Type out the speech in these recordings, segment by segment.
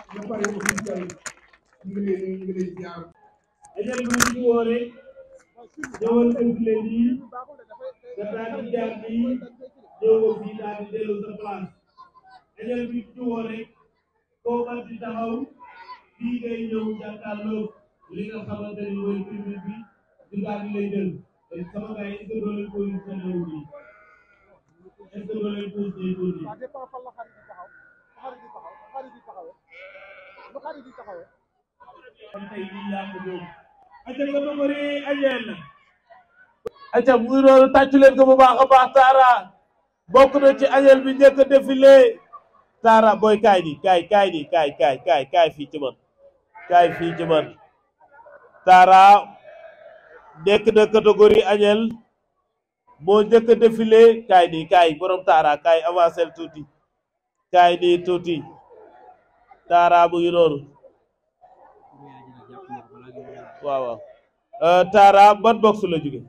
ba pare ba fi ñu ngi lay ñu ngi lay jaar. ajal bu dellu sa place ajal bu ñu woore koo man di taxaw fii ñëw jàkkaarloo li nga xamante ni mooy tribune bi di daal di lay jël sama gars yi est-ce que doo leen positionné wu nii bari di taxawee. kon tey lii yaa ko dóom. ayca nga ba bëri ajeen. ayca muy loolu tàccu na ci añeel bi njëkk a défilé Tara booy kaay di kaay kaay di kaay kaay nekk na catégorie añeel moo njëkk a défilé kaay borom Tara kaay avancé tuuti kaay tuuti. taara bu ngi noonu waaw euh, taara ban box la jóge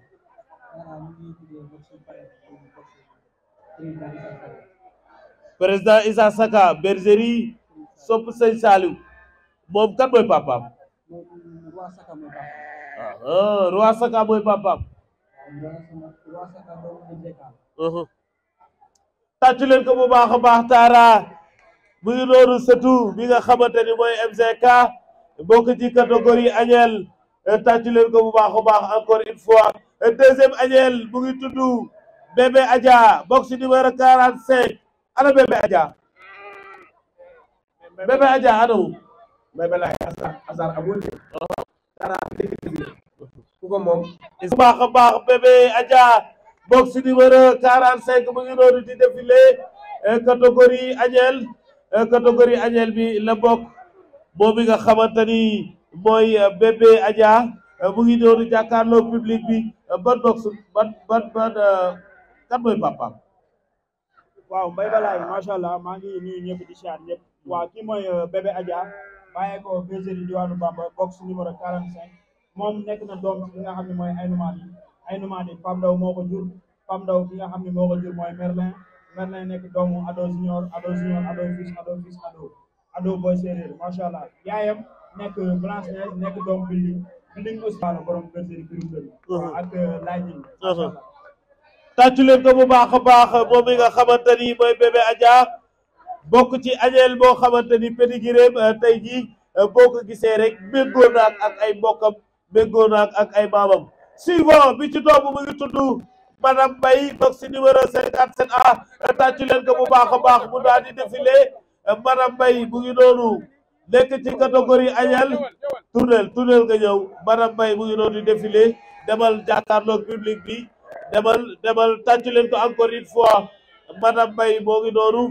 président Issa Saka bergerie sopp sëñ Saliou moom kan mooy papaam ah Saka mooy papaam tàccu leen ko bu taara mu ngi noonu sëtu bi nga xamante ni mooy MCK bokk ci catégorie agnelle eh, tàccu leen ko bu baax a baax encore une fois eh, deuxième agnelle mu ngi tudd bébé Adja bokk ci numéro 45 ana bébé Adja bébé Adja anamu bébé laay asar amul ku bu baax a baax bébé Adja bokk ci numéro mu ngi noonu di défilé eh, catégorie agnelle Kategori e, agnelle bi la bok moom mi nga xamantani moy e, bébé Adja e, mu ngi doon jakarlo public bi ban box ban ban ban kan moy papa waaw mbay balaay sha allah ma ngi nuyu ñëpp di xaar ñëpp waaw kii moy bébé Adja baye ko bergerie diwanu Bamba box numéro 45 mom nek na doom bi nga xam ne mooy aynuma di Pam daw moko jur Pam daw bi nga xamni moko jur moy Merlin. mën na nekk doomu ado junior ado junior ado fils ado fils ado ado boy séeréer macha allah yaayam nekk blanche neige nekk doomu building building aussi wala borom bergerie Birame Ndeye uh-huh. ak euh, laaj yi uh-huh. tàccu ko bu baax a baax moom mi nga xamante ni mooy bébé bokk ci añeel boo xamante ni pédigiréem euh, tey jii euh, boo ko gisee rek méngoo naag ak ay mbokkam méngoo naag ak ay maamam suivant bi ci mu ngi tudd madame Baye box numéro 57 A tàccu bu baax a baax mu daal di défilé madame Baye mu ngi noonu nekk ci catégorie añal tournel tournel nga ñëw madame Baye mu ngi noonu di défilé demal jàkkaarloog public bi demal demal tàccu leen ko encore une fois madame Baye moo ngi noonu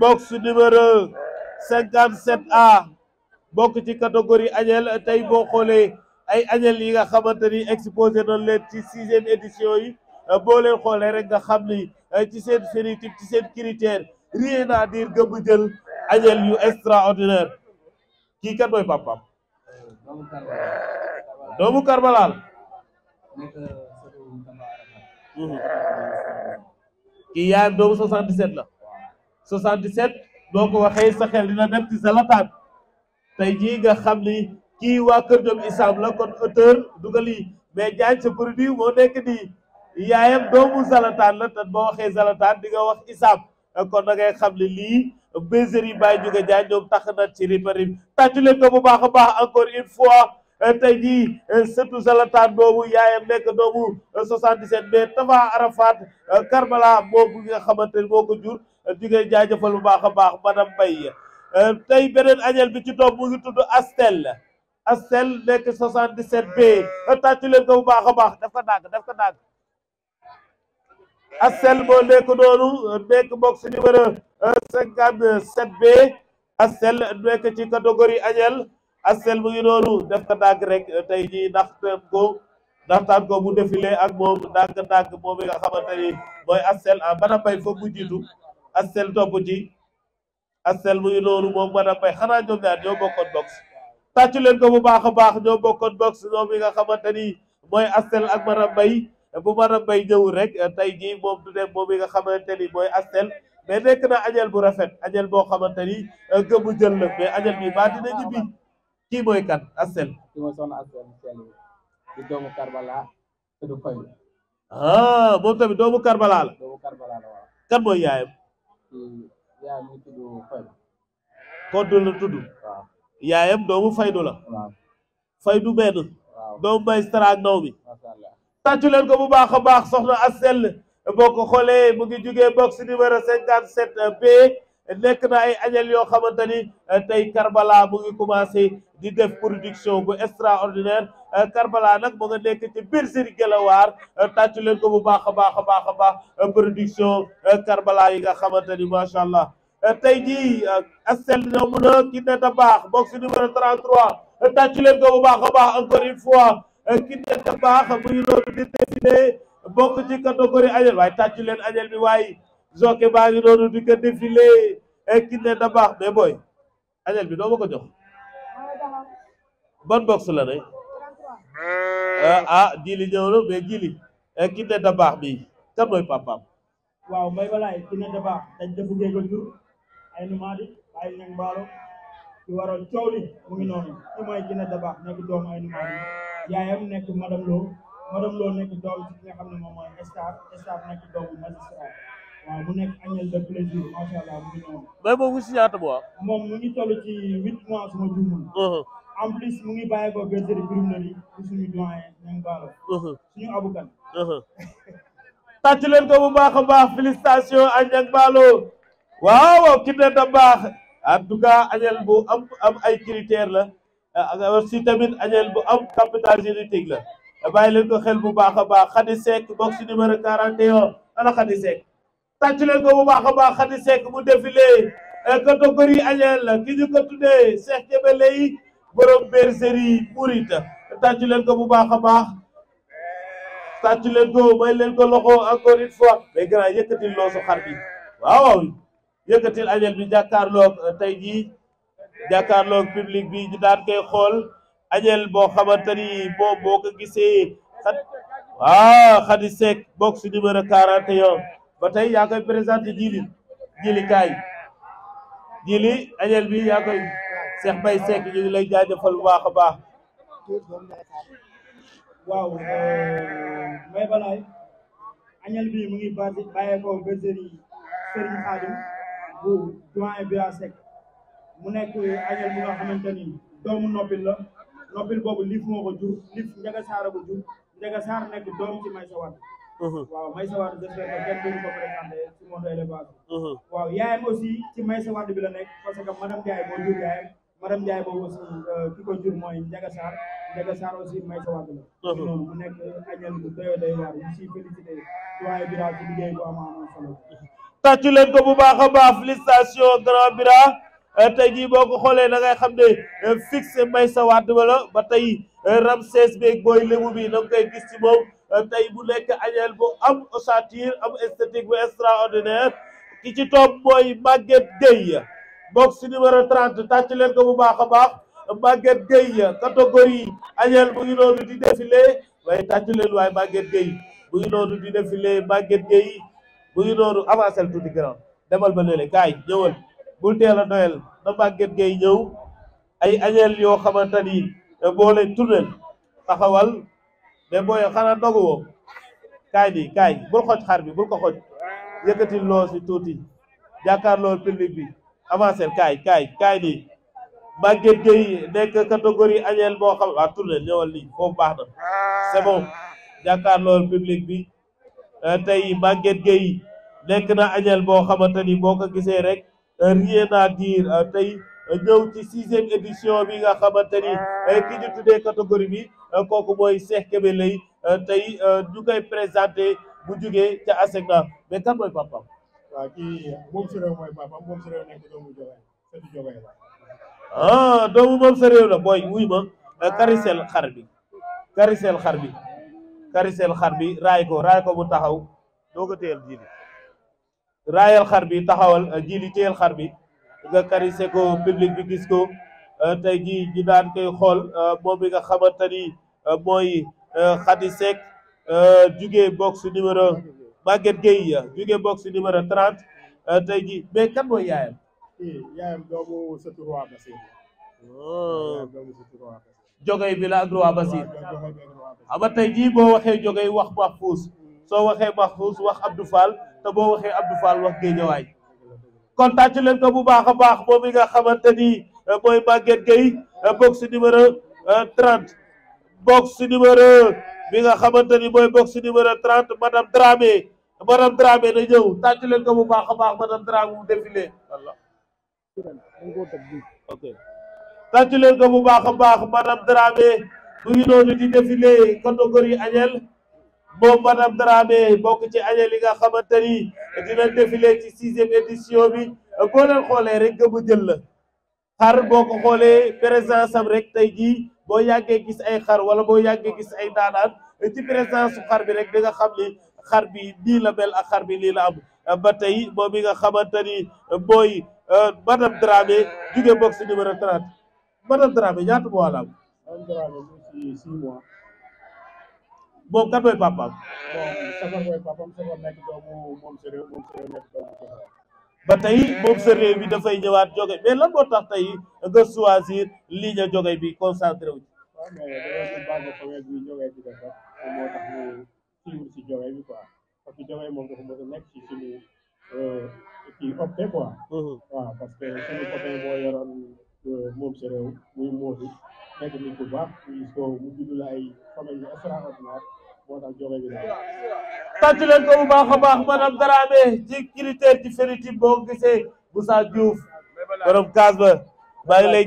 box numéro 57 A bokk ci catégorie añal tey boo xoolee ay añal yi nga xamante ni exposé noonu leen ci sixième édition yi. boo leen xoolee rek nga xamni eh, ci seen phénotype ci seen critère rien à dire gëmm jël añel yu extraordinaire ki kat mooy papam doomu karbalal ki ya doomu 77 la 77 boko waxe sa xel dina dem ci Zlatan tay ji nga xamni ni wa keur doom islam la kon auteur dugali mais Diagne produit mo nek nii yaayam doomu zalatan la tan bo waxe zalatan diga wax isab kon da ngay xam li bezeri bay joge jaay ñoom tax na ci riparib tàccu ko bu baax baax encore une fois tay jii surtout zalatan doomu yaayam nek doomu 77 b Tafa Arafat Karbala bu nga xamante boko jur diga ngay bu baax baax madame bay tay benen añel bi ci doom mu ngi tuddu Astel Astel nek 77 b tàccu ko bu baax baax dafa dag dafa dag asel boo nekk noonu nekk box numéro 57B euh, asel nekk ci catégorie añel asel mu ngi noonu def ko ndànk rek tey jii naxtaan ko naxtaan ko mu défilé ak moom ndànk-ndànk moom mi nga xamante ni mooy asel ah mën bay foog mu jiitu asel topp ci asel mu ngi noonu moom mën a bay xanaa ñoom ñaar ñoo bokkoon box tàccu leen ko bu baax a baax ñoo bokkoon box ñoom mi nga xamante ni mooy asel ak mën a bay bu Maram bay ñëwul rek eh, tey jii moom du nekk moom mi nga xamante ni mooy astel mais nekk na añel bu rafet añel boo xamante ni eh, gëmu jël la mais añel bi baa dina ñibbi kii mooy kan astel kii mooy soxna astel sel di doomu Karbala du ah, moom tamit doomu Karbala kan mooy yaayam yaayam ñu tudd Faydu doomu Faydu Faydu benn doomu Maysara ak Nawmi tatu leen ko bu baax baax soxna Asel boko ko xoolee mu ngi jugee box numéro 57 B nekk na ay añel yoo xamante ni Karbala mu ngi commencé di def production bu extraordinaire Karbala nak mu nga nekk ci biir Siri Gelawaar tàccu leen ko bu baax a baax baax production Karbala yi nga xamante ni macha allah tey jii Asel dina mën a kii ne da baax box numéro 33 tàccu leen ko bu baax baax encore une fois. Eh, ki dëkk baax muy noonu di défilé bokk ci catégorie añel waaye tàccu leen añel bi waaye joke baa ngi noonu di ko défilé eh, ki ne da baax booy añel bi doo ma ko jox ban box la ne eh, ah jili ñëw na mais jili ki ne da baax bi kan mooy papaam waaw may balaay ki ne da baax dañ defu ay numaadi ay ñang mbaalo mu ngi noonu ki mooy ki ne da baax nekk doom ay numaadi yaayam nekk madame Lo madame Lo nekk doom ci nga xamne ne moy star star nekk doom magistrat waaw mu nekk agnel de plaisir sha allah mu ngi noonu. bay boobu si ñaata bo mom mu ngi tollu ci 8 mois suma juumul. Uh-huh. en plus mu ngi bàyyi ko bergerie primerie ci suñu doyen ñoom Baalo. Uh-huh. suñu abukan. Uh-huh. tàcc leen ko bu baax baax félicitations Agnel Baalo waaw waaw ki ne da baax en tout cas agnel bu am am ay critères la. Euh, si tamit añeel bu am capital génétique la euh, bàyyi leen ko xel bu baax a baax Khady Seck box numéro 41 ana Khady Seck tàcc leen ko bu baax a baax Khady Seck mu défilé euh, catégorie añeel la ki ñu ko tuddee Cheikh Kébélé borom bergerie Mouride tàcc leen ko bu baax a baax tàcc leen ko may leen ko loxo encore une fois mais grand yëkkatil loosu xar bi waaw añeel bi jàkkaarloog tey jii jàkkaarloog public bi ñu daan koy xool añel boo xamante boo boo ko gisee xat waaw Khady Seck box numéro 41 ba tey yaa koy présenté jili jili kaay jili añel bi yaa koy sek Baye Seck ñu lay jaajëfal bu baax a baax waaw euh, mu ngi mu nekk añel bu nga xamante ni doomu noppil la noppil boobu liif moo ko jur liif Ndiaga Sarr a ko jur Ndiaga Sarr nekk doom ci Maysa Wade mhm. waaw Maysa Wade j'espère que kenn duñu ko présenté ci monde élevage mhm. waaw yaayam aussi ci Maysa Wade bi la nekk parce que madame Ndiaye moo jur yaayam madame Ndiaye boobu aussi euh, ki ko jur mooy Ndiaga Sarr Ndiaga Sarr aussi Maysa Wade la mhm. noonu mu nekk añel bu doyo doy waar ñu siy félicité doyen Bira ci liggéey bu am am solo tàccu leen ko a Eh, tey jii boo ko xoolee da ngay xam ne eh, fixe may sa waat wala ba tey eh, Ramsès beeg booy lému bi da nga gis ci moom tey bu nekk añeel bu am ossature am esthétique bu extraordinaire ki ci toog mooy Maguette Gueye box numéro 30 tàcc leen ko bu baax a baax Maguette Gueye catégorie añeel bu ngi noonu di défilé waaye tàcc leen waaye Maguette Gueye bu ngi noonu di défilé Maguette Gueye bu ngi noonu avancé tuuti demal ba léeg-léeg gars bul teel a doyal na màgget ngay ñëw ay añeel yoo xamante ni boo leen tuddal taxawal mais booy xanaa dogu woo kaay bi kaay bul xoj xar bi bul ko xoj yëkkati loo si tuuti jàkkaarloo public bi avancé kaay kaay kaay bi màgget ngay nekk catégorie añeel boo xam waa tuddal ñëwal lii foofu baax na c'est bon jàkkaarloo public bi euh, tey màgget ngay nekk na añeel boo xamante ni boo ko gisee rek. rien à dire tey ñëw ci sixième édition bi nga xamante ni ki ñu tuddee catégorie bi kooku mooy Cheikh Kébé lay tey ñu koy présenté bu jugee ca ASECNA mais kan mooy papam waaw kii moom sa réew mooy papam moom sa réew nekk doomu Jogay sëtu Jogay la ah doomu moom sa réew la booy wuy ma karisel xar bi karisel xar bi karisel xar bi raay ko raay ko mu taxaw doo ko teel jiidi raayal xar bi taxawal euh, jili téyel xar bi nga karise ko public bi gis ko euh, tey jii ñu daan koy xool euh, moom mi nga xamante ni mooy Khady Seck jugee box numéro Maguette Gueye jugee box numéro 30 tey jii mais kan mooy yaayam. Eh, yaayam doomu sëtu Roi oh. Basir. jogay bi la ak Roi Basir. ama tey jii boo waxee jogay wax Mahfouz soo waxee Mahfouz wax Abdou Fall. te boo waxee Abdou Fall wax Géejawaay kon tàcc leen ko bu baax a baax moom mi nga xamante ni euh, mooy Maguette Gueye euh, box numéro 30 euh, box numéro bi nga xamante ni mooy box numéro 30 madame Dramé madame Dramé na ñëw tàcc leen ko bu baax a baax madame Dramé mu défilé walla ok tàcc leen ko bu baax a baax madame Dramé mu ngi noonu di défilé catégorie agnelle moom madame Dramé bokk ci añe li nga xamante ni dina défilé ci sixième édition bi boo leen rek gëmu jël la xar boo ko xoolee présence am rek tey jii boo yàggee gis ay xar wala boo yàggee gis ay naanaan ci présence xar bi rek di nga xam ni xar bi nii la mel ak xar bi nii la am ba tey moom mi nga xamante ni mooy euh, madame Dramé jugee box numéro 30 madame Dramé ñaata mois la am. boobu kan mooy papaam. bon Safar mooy papaam Safar nekk doomu moom sa réew moom sa réew nekk doomu ba tey moom sa réew bi dafay ñëwaat joge mais lan moo tax tey nga choisir ligne joge bi concentré wu. waaw mais dañoo base première bi joge bi def rek moo tax ñu suivre si joge bi quoi parce que joge moom dafa mën a nekk si suñu kii opté quoi. waaw parce que suñu côté moo yoroon moom sa réew muy Modou nekk nit ku baax muy soo mu judd la ay famille extraordinaire tàcc ko bu baax a baax madame Dramé ci critère ci feriti boo gisee Moussa Diouf borom kaas ba maa ngi lay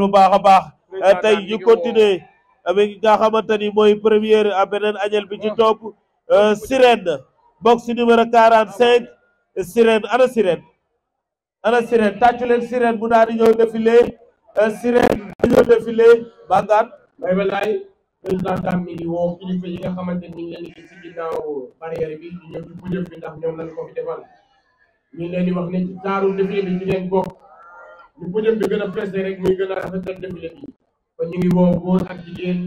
bu baax a baax eh, tey ji continuer avec nga xamante ni mooy première a beneen añel bi ci topp eh, sirène box numéro quarante cinq sirène ana sirène ana sirène tàcc leen sirène mu daal di ñëw défilé eh, sirène di ñëw défilé bàngaan président Dame mi nga xamante ni ñu ngi leen di gis ci ginnaaw barrière bi ñu ndax ñoom la ko fi defal ñu leen di wax ne ci taaru défilé bi ñu leen bokk ñu bu jëf bi gën a pressé rek muy a rafetal défilé bi kon ñu ngi woo góor ak jigéen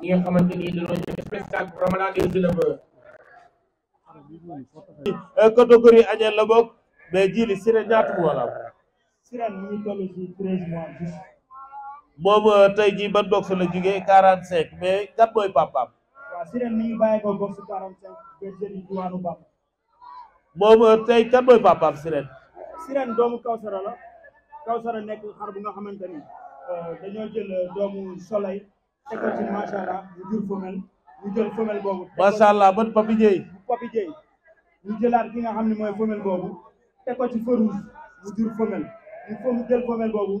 ñi nga xamante ni dañoo ñëw spectacle Ramadan des éleveurs euh, catégorie añeel la bokk mais jili Siré ñaata wala moom euh, tey jii ban box la jógee quarante cinq mais kat mooy papaam. waaw si ren mi ngi bàyyi ko box quarante cinq bergerie yi diwaanu Bamba. moom euh, tey kat mooy papaam si ren. si ren doomu Kawsara la Kawsara nekk xar bu nga xamante ni euh, dañoo jël doomu Soleil teg ko ci macha allah mu jur femelle ñu jël femelle boobu. macha allah ban Papi Dieye. Papi ki nga xam ne mooy femelle boobu teg ko ci feu rouge mu jur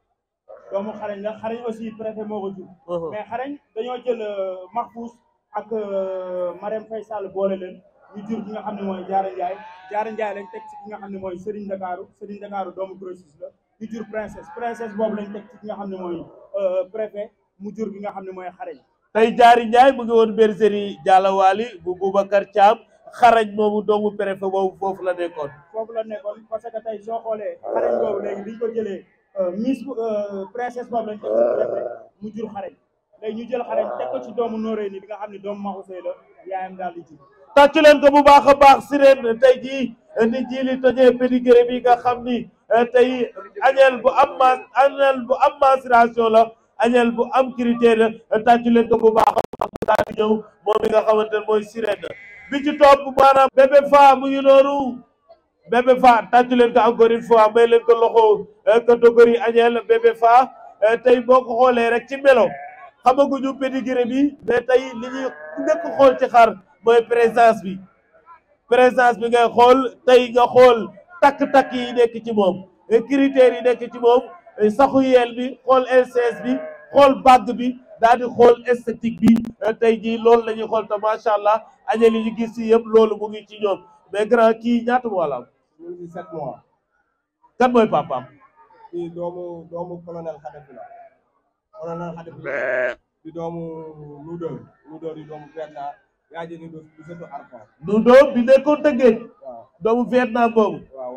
doomu xarañ la xarañ aussi préfet moo ko jur uh-huh. mais xarañ dañoo jël euh, Mahfouz ak euh, Marème Faye Sall boole leen ñu jur ki nga xam ne mooy Diarra Ndiaye Diarra Ndiaye lañ ki nga xam ne mooy Serigne Dakaru Serigne Dakaru doomu Croesus la ñu jur princesse princesse boobu lañ teg ci ki nga xam ne mooy euh, préfet mu jur ki nga xam ne mooy xarañ tey Diarra Ndiaye mu ngi woon bergerie Dialawaly bu Boubacar Thiam xarañ moomu doomu préfet boobu foofu la nekkoon foofu la nekkoon parce que tey soo xoolee xarañ boobu ko jëlee Euh, miss euh, princesse boobu lañ mu jur xarañ léegi ñu jël xarañ teg ko ci doomu nooree ni bi nga xam ne doomu Maxu Sey la yaayam daal ko bu baax a baax sireen tey jii euh, ni jili tojee pédigré bi nga xam ni te añeel bu am ma añeel bu am mensuration la añeel bu am critère tàcc leen ko bu baax a baax daal ñëw moom mi nga xamante ne mooy sireen bi ci topp maanaam bébé mu ngi noonu bébé fa tàccu leen ko encore une fois may leen ko loxo euh, catégorie agnelle bébé fa euh, tey boo ko xoolee rek ci melo xamaguñu pédigré bi mais tey li ñuy njëkk xool ci xar mooy présence bi présence bi ngay xool tey nga xool takk-takk yi nekk ci moom critères yi nekk ci moom saxu yeel bi xool LCS bi xool bague bi daal xool esthétique bi euh, tey jii loolu la ñuy xool te macha allah añel yi ñu gis si yëpp loolu mu ngi ci ñoom mais grand kii ñaata wàllam ñu ngi si sept mois. kat mooy papaam. kii doomu doomu colonel Khadafi la. colonel Khadafi la di doomu Ndour Ndour di doomu Vietnam yaa jëli Ndour di sëtu Arfa. Ndour bi nekkoon Tëngéej. waaw doomu Vietnam boobu. waaw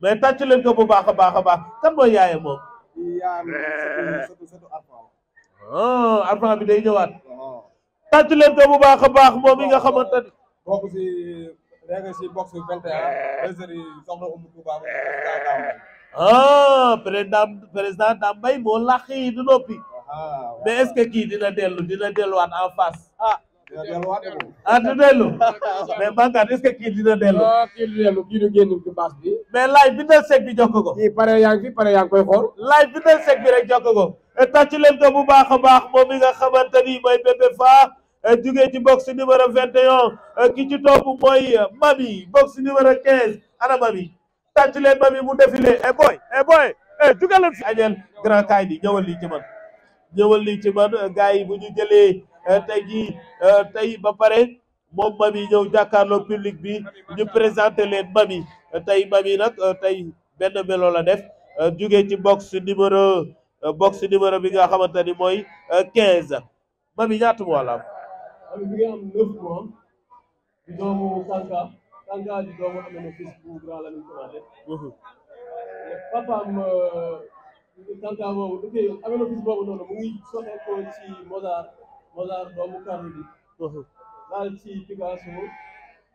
waaw tàcc leen ko bu baax a baax a baax kat mooy yaayam moom. kii yaayam sëtu bi day ñëwaat. Oh. tàcc leen ko bu baax a baax moom yi nga xamante Reega si box 21 Bergerie soxna Oumou Touba ah président yi ah, du noppi ah, mais est-ce que dellu dina delluwaat delluwaat ah du dellu mais Maguette est-ce que kii dina dellu ah, kii du dellu kii du génn ci bi mais laay bindal sec ko kii pare yaa ngi fi pare yaa ngi koy xool laay bi rek jokk ko tàcc leen bu baax a baax moom mi nga xamante mooy bébé faa Eh, jugee ci box numéro 21 eh, ki ci topp mooy eh, mami box numéro 15 ana mami tàcc leen mami mu défilé e boy e boy e jugaleen fi añeel grand kaay di ñëwal lii ci man ñëwal lii ci man gars yi bu ñu jëlee tey jii tey ba pare moom mami ñëw jàkkaarloo public bi ñu présenté leen mami tey mami nag tey benn melo la def jugee ci box numéro box numéro bi nga xamante ni mooy quinze mami ñaata moo am mi ngi am neuf doomu Kanka Kanka di doomu am na fils bu grand la ñu commencé. Kanka boobu ok am na fils boobu noonu mu ngi soxee ko ci Mozart Mozart doomu Carlo bi. Mhm. laal ci Picasso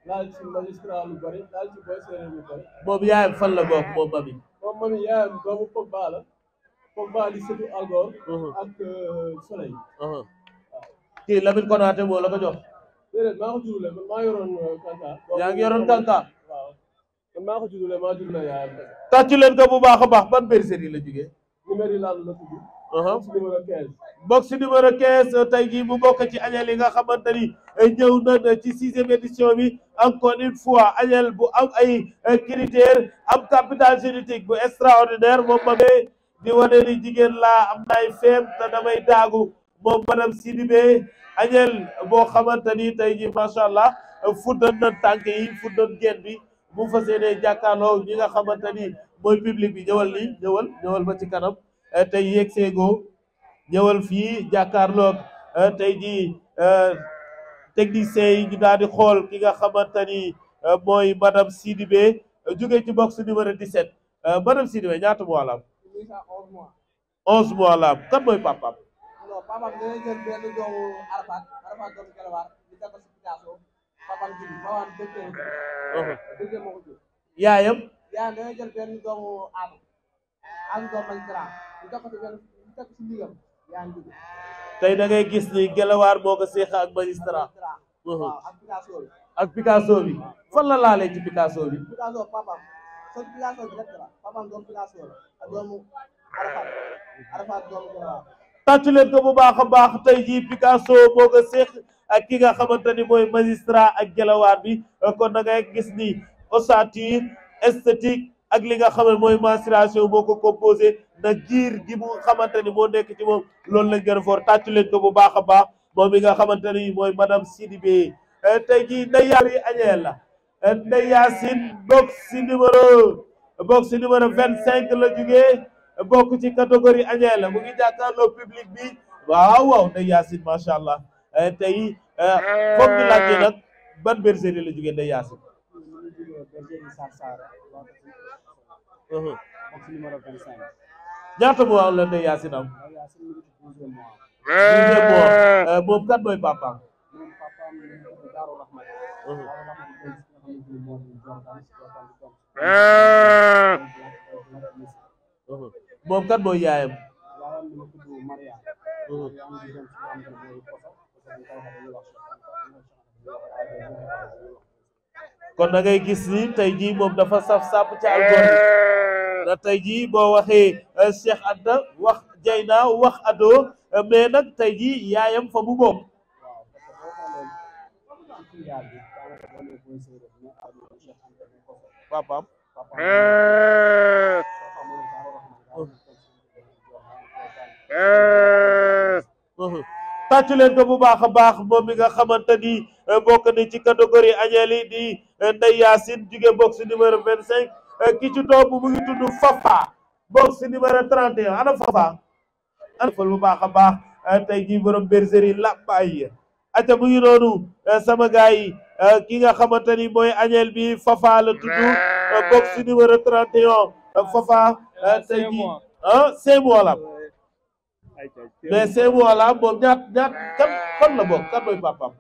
laal ci magistrat lu bari laal ci boy séeréer lu bari. boobu yaayam fan la bokk boobu mami. boobu mami yaayam doomu Pogba la Pogba di sëtu Al Gore. Mhm. ak euh, Soleil. Mhm. kii Lamine Konaté moo la ko jox. déedéet maa ko juddulee man maa yoroon euh, yaa ngi yoroon Kanta. waaw man bu baax a baax ban bergerie la jógee. numéro la tudd. Uh-huh. box numéro numéro 15 euh, tey jii mu bokk ci añal yi nga xamante ni euh, ñëw na ci sixième édition bi encore une fois añal bu am ay critères am capital génétique bu extraordinaire moom ma di wane ni jigéen laa am naay feem ta damay daagu. moom madame Sidibé Agnel boo xamante ni tey ji macha allah fuddal na tànk yi fuddal geen bi bu fas yéenee jàkkaarloo ñi nga xamante ni mooy public bi ñëwal nii ñëwal ñëwal ba ci kanam eh, tey yegg seegoo ñëwal fii jàkkaarloo eh, tey jii eh, technicien yi ñu daal di xool ki nga xamante ni mooy madame Sidibé jóge ci box numéro 17 madame Sidibé ñaata mois la am. 11 mois kan mooy papaam. papaam dina jël benn doomu Arafat doomu Kelewaar yaayam doomu Aadama doomu magistrat di def si benn di def gis ni Kelewaar boo ko seex ak magistrat waaw uh-huh. ak Picasso bi ak Picasso bi fan la laalee ci Picasso bi doomu Picasso doomu doomu tàcc leen ko bu baax a baax tey jii Picasso moo ko séq ak ki nga xamante ni mooy magistrat ak gelawaar bi kon da ngay gis ni ossature esthétique ak li nga xam mooy mensuration moo ko composé na giir gi mu xamante ni moo nekk ci moom loolu lañ gën a fort leen ko bu baax a baax moom mi nga xamante ni mooy madame Sidibé tey jii Ndeye Yari Agnel la Ndeye Yacine box numéro box numéro vingt cinq la jugee bokk ci catégorie añeel mu ngi jàkkaarloo public bi waaw waaw Ndeye Yacine macha allah eh, tey eh, foog ñu laajte nag ban bergerie la jógee Ndeye Yacine. ñaata mois la Ndeye Yacine am. moom eh, moom kan mooy papaam. moom kat mooy yaayam kon dangay gis ni tey jii moom dafa saf sàpp ci alcool da tey boo waxee eh, Cheikh Anta wax Dieyna wax Ado eh, mais nag tey jii yaayam fa mu moom papaam eh. Uh-huh. tàcc len ko bu baax baax bo mi nga xamante ni uh, na ci category agneli di uh, Ndeye Yacine jugee box numero 25 ki ci top bu ngi tuddu Fafa box numero 31 ana Fafa. ana fal bu baax baax uh, tay jii borom bergerie baye ata bu ngi nonu sama gaay ki nga xamante moy mooy agnel bi Fafa la tudd box numero 31 Fafa tay jii ah c'est moi mais Seybu Wala moom ñaat ñaat kan fan la bokk kan mooy papaam.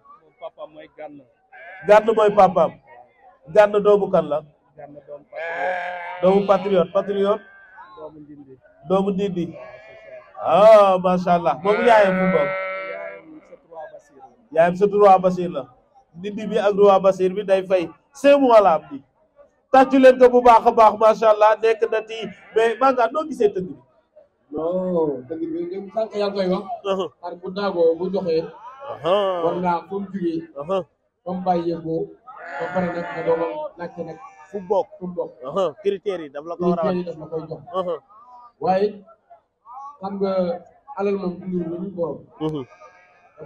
gànn. mooy papaam. gànn doomu kan la. doomu patriote. doomu doomu ndindi. doomu ndindi. allah moom yaayam mu bokk. yaayam surtout waa Basir la. ndindi bi ak waa Basir bi day fay Seybu Wala bi. tàccu leen ko bu baax a baax macha allah nekk na ci mais maa ngaa noo gisee tëgg bi. o dëgg bi ñoom sànq yaa ngi koy wax. Uh-huh. xar bu naagoo bu doxee. Uh-huh. war naa comme jugee. comme bàyyeekoo na pare nag nga doon laajte nag. fu bokk fu yi daf a wax critères yi daf uh-huh. waaye xam nga alal moom dundu lu ñu borom.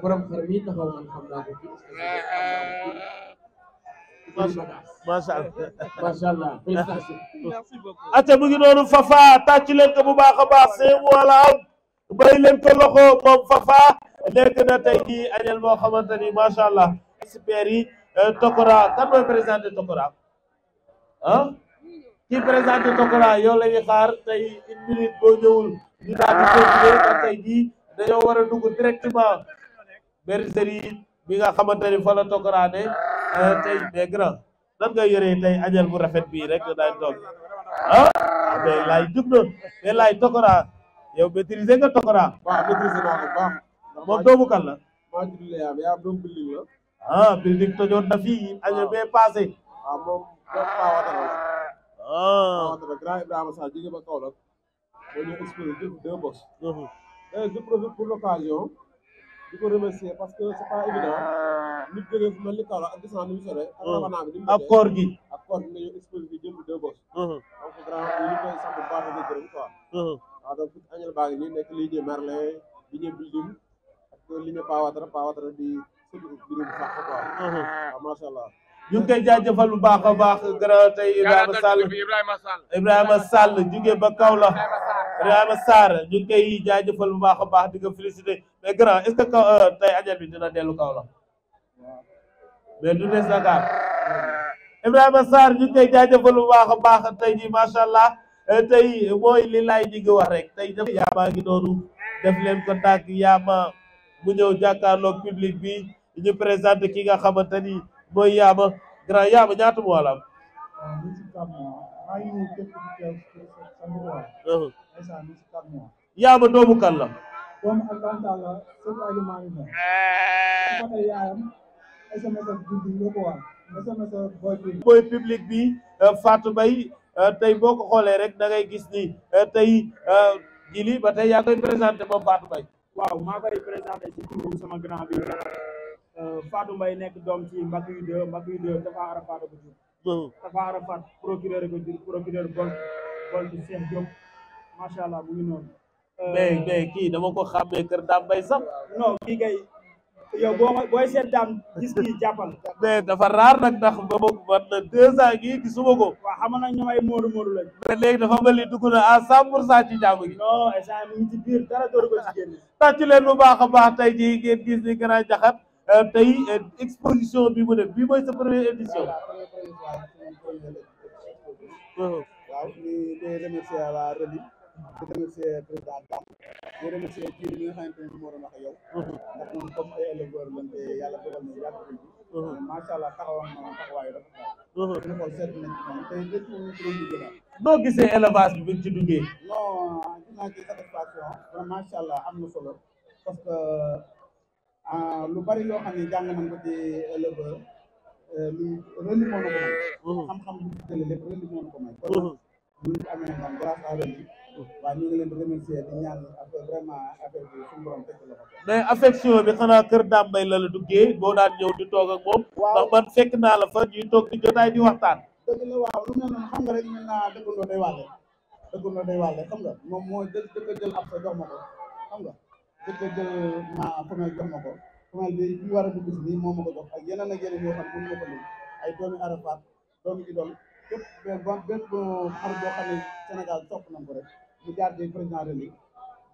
borom xar mi taxaw man xam naa ko fii. macha allah macha allah merci ate mu ngi noonu Fafa tàcc leen ko bu baax a baax c'est wala am bay leen ko loxo moom Fafa nekk na tey jii añel moo xamante ni macha allah expert yi euh, Tokora kan mooy présenté Tokora ah ki Tokora yow la ñuy xaar tey une minute boo ñëwul ñu daal di continuer tey jii dañoo war a dugg directement bergerie bi nga xamante ni a la tokkaraane eh, tey maigre nan nga yore tey añal bu rafet bii rek dañ toog ah, ah mais laay jub na mais laay tokkara yow nga tokkara. moom doomu kan la. maa ngi tudd Léa mais ab doomu building ah, moom ah. grand Ibrahima Sall jóge di ko remercier parce que c'est pas évident ah. nit jógee fu mel ni Kaolack ak gis naa ni mu soree ak ah. ni mu ak koor gi ak koor gi nga ñëw exposé bi jël bi deux bos ah. donc grand yi ñu koy sant bu baax di gërëm quoi waaw donc añal baa ngi nii nekk li ñu Merlin li ñu Building ak li ñu Pawatara Pawatara di sëb birum sax quoi waaw macha allah ñu ngi koy jaajëfal bu baax a baax grand tey Ibrahima Sall Ibrahima Sall jóge ba Kaolack Ibrahima Sarr ñu ngi bu baax baax di ko féliciter mais grand est-ce que euh, tey añal bi dina dellu Kaolack mais du des Dakar Ibrahima Sarr ñu ngi koy jaajëfal bu baax a baax tey ji macha allah euh, tey mooy li laay ñu ngi wax rek tey def yaa maa ngi noonu def leen contact yaa ma mu ñëw jàkkaarloog public bi ñu présenter ki nga xamante mooy yaama grand yaama ñaata mois la am. yaama doomu kan la. doomu SMS ak guddi bi euh, Fatou Mbaye euh, tey boo ko xoolee rek dangay gis ni euh, tey jili ba tey yaa koy présenté moom Fatou Mbaye. waaw maa koy présenté ci sama grand Euh, Fatou Mbaye nekk doom ci Mbackiyou 2 Mbackiyou 2 Tafa Arafat ko jur. Hmm. Tafa Arafat procureur ko jur procureur Bolt Bolt Cheikh macha allah mu ngi noonu. Euh, mais mais kii dama ko xàmmee kër Dame Mbaye sax. non kii kay yo boo ma booy seet daam gis kii jàppal. mais dafa raar nag ndax ba man na deux gii gisuma ko. waaw xam na ñoom ay Modou Modou lañ. mais léegi dafa mel ni dugg na à cent pour cent ci gi. non instant mu ngi ci biir dara door ko ci leen bu baax a baax tey jii ngeen gis ni gën a Euh, tey euh, exposition bi mu def bii mooy sa première édition. waaw ñu ngi remercier waa Reli. di remercier président Dame. di remercier kii bi nga xamante ne moo doon wax ak ndax moom comme ay éleveur lañ te yàlla dogal na yàgg nañ ci. allah taxawam na na. dina ko seet nañ ci moom tey lépp non gis naa ci allah am na solo parce que. Ah, lu bari loo xam ne jàng nañ ci éleveur euh, lu mm-hmm. mm-hmm. mm-hmm. ñu ngi leen di remercier di ñaan affaire vraiment affaire bi suñu la ko mais affection bi xanaa kër Dambay la la duggee boo daan ñëw di toog ak moom ndax man fekk naa la fa ñuy toog di jotaay di waxtaan dëgg la waaw lu mel noonu xam nga moom moo jël dëgg jël xam nga jël ko jël ma femelle jox ma ko femelle bi bi a dugg si nii moo ma ko jox ak yeneen ak yeneen yoo xam ne ko lim ay doomi Arafat doomi Idole képp bépp euh, boo xam ne Sénégal sopp nañ ko rek mu jaar di président René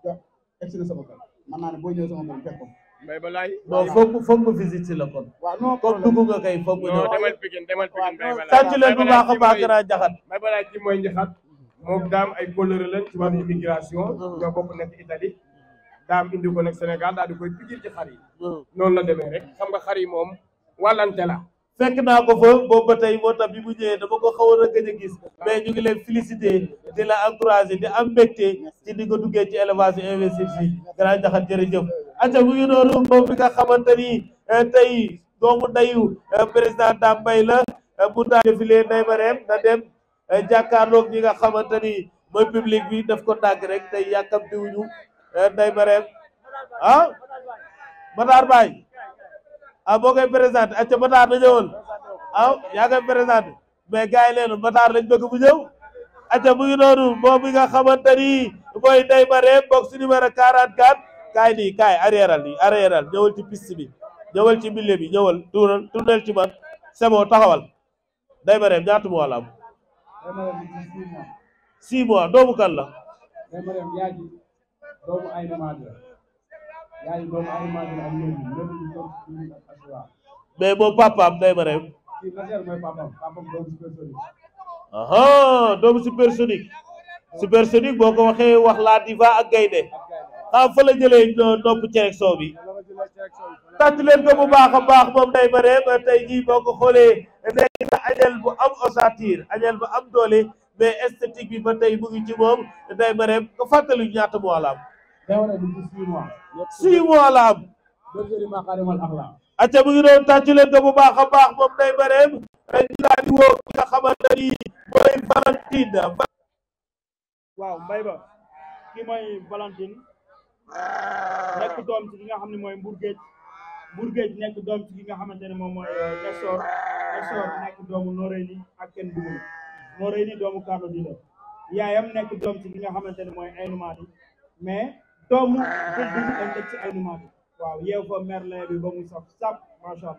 jox egg si na sama kër boo ñëwee sama kër fekk ko mbay ba laay bon foog foog nga visite la kon. waaw non comme dugg nga kay foog nga. non demal Pikine bu baax a baax grand jaxat. mbay ba laay ci mooy njaxat moom daam ay kóllëre lañ ci wàllu immigration. Mm-hmm. bokk nekk Italie. daam indi ko nag Sénégal daal di koy pigir ci xar yi hmm. noonu la demee rek xam nga xar yi moom wàllante la fekk naa ko fa boobu ba tey moo tax bi mu ñëwee dama ko xawoon a gëj a gis mais ñu ngi leen félicité di la encouragé di am mbégte ci ni nga duggee ci élevage investir si grand jaxat jërëjëf acca mu ngi noonu moom bi nga xamante ni eh, tey doomu ndeyu eh, président Dame Mbaye la mu eh, daa défilé Ndeye Marème na dem jàkkaarloog ñi nga xamante ni mooy public bi daf ko tàgg rek tey yàkkamtiwuñu day eh, ah? bareem ah boo koy présenté acca Matar na ñëwoon ah yaa koy présenté mais gars yi leen Matar lañ bëgg bu ñëw aca mu ngi noonu moom mi nga xamante ni mooy day bareem box numéro 44 kaay nii kaay arrièreal ñëwal ci piste bi ñëwal ci milieu ñëwal tuural tournel ci man c'est bon taxawal day bareem ñaata mois la am mois doomu kan la doomu aadama la yaay doomu aadama la am ñoom ñoom ñu toog ci ñun ak asura mais moom papaam day ma rew kii aha dom supersonique supersonique boo ko waxee wax laa diva ak gaynde ah fa la jëlee euh, nopp cereeg soow bi tàcc leen ko bu baax a baax moom day ma rew tey jii boo ko xoolee nekk bu am ossature añel bu am doole mais esthétique bi ba tey mu ngi ci moom day ma ko fàttali ñaata mu wàllaam teew na depuis six mois. six mois la am. bergerie Makarimal Akhlaq. acca mu ngi doon tàccu leen ko bu baax a baax moom day bëreem ren ñu daal di woo ki nga xamante ni mooy Valentine. waaw mbay ba kii mooy Valentine nekk doom ci ki nga xam ne mooy Mbour Géej Mbour Géej nekk doom ci ki nga xamante ne moom mooy Nestor nek nekk doomu Noreyni ak kenn dugub Noreyni doomu Carlo di la yaayam nekk doom ci nga xamante ne mooy Aynoumady mais. doomu bugguñu ah. am teg waaw yeew fa merlin bi ba mu saf saf macha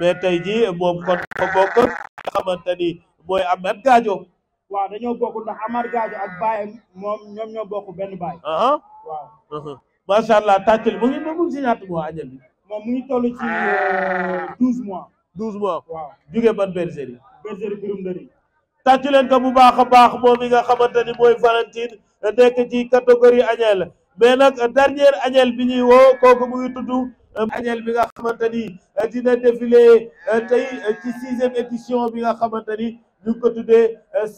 mais tey jii moom kon ko bokk nga xamante ni mooy Amar Gadio. waaw dañoo bokk ndax Amar Gadio ak baayam moom ñoom ñoo bokk benn baay. Ah, ah. waaw. Uh-huh. macha allah tàccul mu ngi mu ngi si ñaata mois ajal moom mu ngi toll ci euh, douze mois. douze mois waaw jugee ban bergerie. bergerie Birame Ndary. tàccu leen ko bu baax a baax moom mi nga xamante ni mooy Valentine nekk ci catégorie agnelle. mais nag dernière añel bi ñuy woo kooku mu ngi tudd añel bi nga xamante ni dina défilé tey ci sixième édition bi nga xamante ni ñu ngi ko tuddee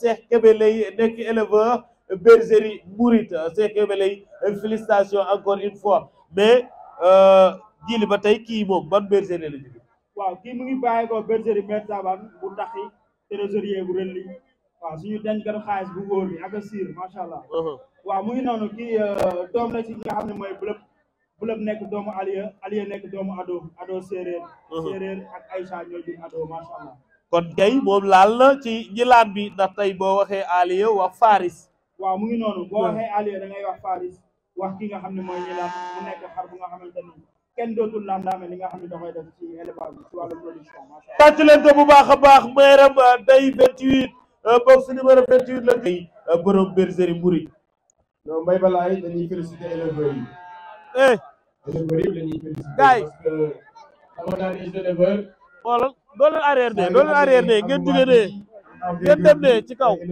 Cheikh Kébé lay nekk éleveur bergerie Mouride Cheikh Kébé lay félicitations encore une fois mais jili ba tey kii moom ban bergerie la jóge waaw kii mu ngi bàyyi ko bergerie Mère Tabane bu taxi trésorier bu ren li waaw suñu denc xaalis bu góor bi ak siir macha allah. Uh-huh. waaw mu ngi noonu kii uh, doom la ci nga xam ne mooy bulëb nekk doom Aliou Aliou nekk doomu Ado Ado séeréer. Uh-huh. ak Aïcha ñoo jur Ado macha allah. kon tey moom laal la ci jëlaat bi ndax tey boo waxee Aliou wax Faris. waaw mu ngi noonu boo uh-huh. waxee Aliou da ngay wax Faris wax ki nga xam ne mooy jëlaat mu nekk xar bu nga xamante ni kenn dootul naan daame li nga xam ne da koy def ci élevage bi ci production macha Euh, box numéro 28 la koy euh, borom bergerie Mouride. non Mbaye Balaye dañuy félicité éleveurs yi. Eh! éleveurs yi dañuy félicité. gars yi parce que ci kaw. Eh.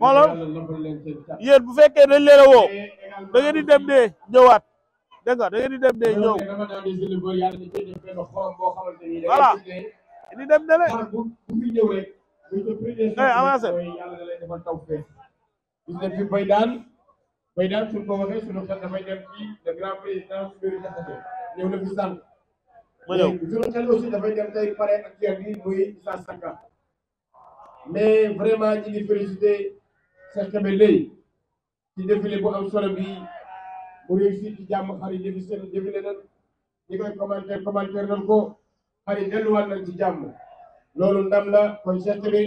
xoolal yéen bu fekkee dañ leen a eh, dem de ñëwaat. dégg nga dem de ñëw. voilà. di dem ne leen eh avancé. gis nañ fi bay daan bay daan suñ ko waxee suñu xel dafay dem ci le grand président Souleymane Diakhaté ñëw na fi sànq. ma ñëw suñu xel aussi dafay dem tey pare ak kii bi muy Issa Saka mais vraiment ñu ngi félicité Cheikh Kébé Leye ci défilé bu am solo bi mu réussir ci jàmm xar yi jëfi seen défilé nan ñi koy commentaire commentaire nan ko. xarit delluwaat nañ ci jàmm loolu ndam la koy sett bi li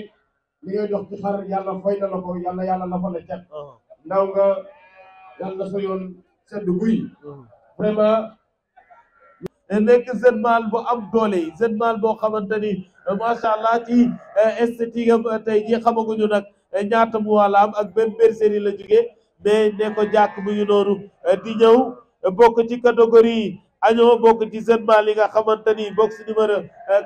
ngay dox ci xar yàlla fay na la ko yàlla yàlla la fa ndaw nga yàlla sa yoon sedd guy vraiment nekk Zmale bu am doole yi Zmale boo xamante ni macha allah ci eh, esthétique am eh, tey jii xamaguñu nag eh, ñaata mu wàll am ak benn bergerie la jóge mais ne ko jàkk bu ñu di ñëw bokk ci catégorie añoo bokk ci seulement li nga xamante ni box numéro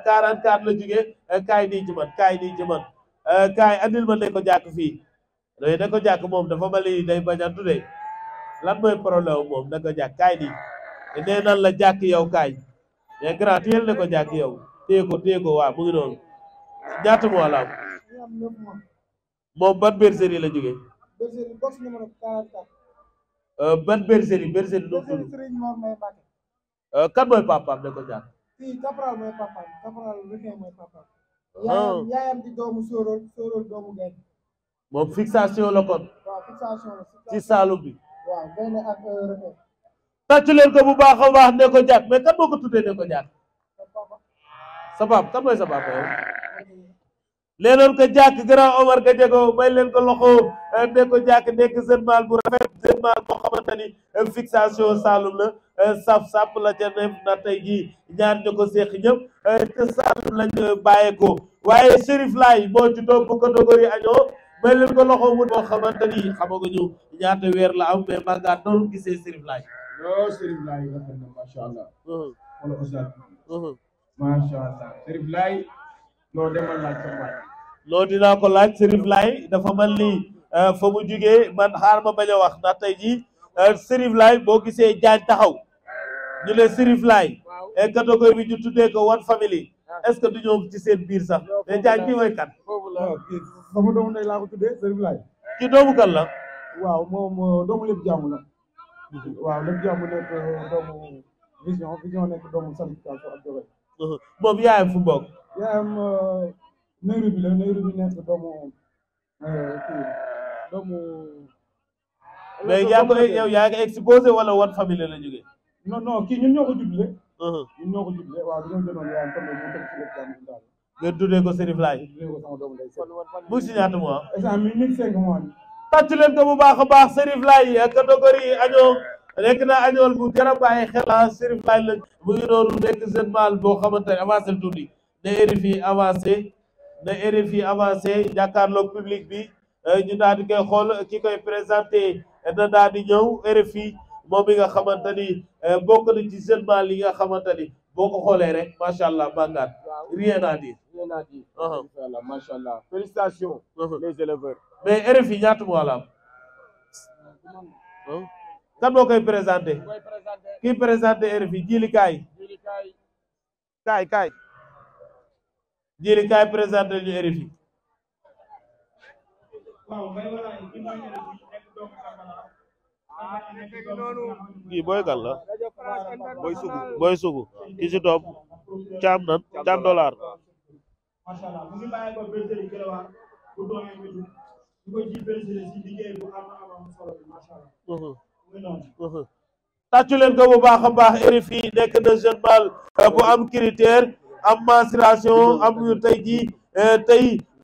44 euh, la jógee euh, kaay nii ci man kaay nii ci man euh, kaay andil ma ne ko jàkk fii doy na ko jàkk moom dafa mel ni day bañ a tudde lan mooy problème moom na ko jàkk kaay nii nee nan la jàkk yow kaay mais grand téyel na ko jàkk yow téye ko téye ko waaw mu ngi noonu ñaata moo la am moom ban bergerie la jógee bergerie box numéro 44 ban bergerie bergerie lu tudd Euh, kan mooy papaam da ko jaar. fii Kapral mooy papaam Kapral oh. di doomu Sóoróor Sóoróor doomu Gaynde. moom fixation la kon. waaw fixation la ci Saalum bi. waaw Gaynde ak euh, Rufin. tàccu leen ko bu baax a baax ne ko jaar mais kan moo ko tuddee ne ko jaar. sa papa kan mooy sa papa yow. leenoon ko jàkk grand Omar ka jegoo may leen ko loxo eh, ne ko jàkk nekk seen maal bu rafet seen maal boo xamante ni eh, fixation Saalum la eh, saf sàpp la ca def na tey jii ñaar ñu ko seeq ñëpp te Saalum lañ bàyyeekoo waaye Chérif Laay moo ci topp catégorie añoo may leen ko loxo mu boo xamante ni xamaguñu ñaata weer la am mais maa ngaa doon gisee Chérif Laay yoo Chérif Laay rafet na macha allah. macha allah Chérif loolu loolu dinaa ko laaj Serif Laay dafa mel ni euh, fa mu jugee man xaar ma bañ a wax ndax tey jii euh, Serif Laay boo gisee jaañ taxaw ñu ne Serif Laay et euh, catégorie bi ñu tuddee ko one family ah. est-ce que du ñëw ci seen biir sax mais jaañ bi mooy kan. sama doomu ndey laa waaw moom doomu lépp jàmm la. waaw lépp jàmm nekk doomu yaayam fu mbokk yaayam euh, Nairobi bi la Nairobi bi nekk doomu euh, kii doomu. mais yaa ngi yow yaa exposé wala wan famille la jógee. non non kii ñun ñoo ko juble. Uh-huh. ñu ñoo ko juble waaw dañoo jëloon yaayam comme mu si lëkkal bi daal. nga tuddee ko Serif Laye. tuddee ko sama doomu day seet. mu ngi si ñaata leen ko bu baax a baax Serif Laye ak catégorie añoo nekk na añool bu gën a bàyyi xel ah, Serif la bu ngi noonu nekk seen maal boo xamante ne avancé tuuti. na RFI avancé na RFI avancé jàkkaarloog public bi euh, ñu daal di koy xool ki koy présenté na daal di ñëw RFI moom bi nga xamante ni euh, bokk na ci seulement li nga xamante ni boo ko xoolee rek macha allah bàngaat rien à dire. rien macha allah macha allah félicitations. Uh-huh. les éleveurs. mais RFI ñaata moo la am. Hmm? kan moo koy présenté. kii présenté RFI jiili kaay. kaay kaay. jëri kaay présenté ñu RFI ah, kii booy kan booy sugu booy sugu ki si topp caam dollar tàccu leen bu baax a baax RFI nekk na jeune mâle bu am critère am mensuration am ñu tey jii eh,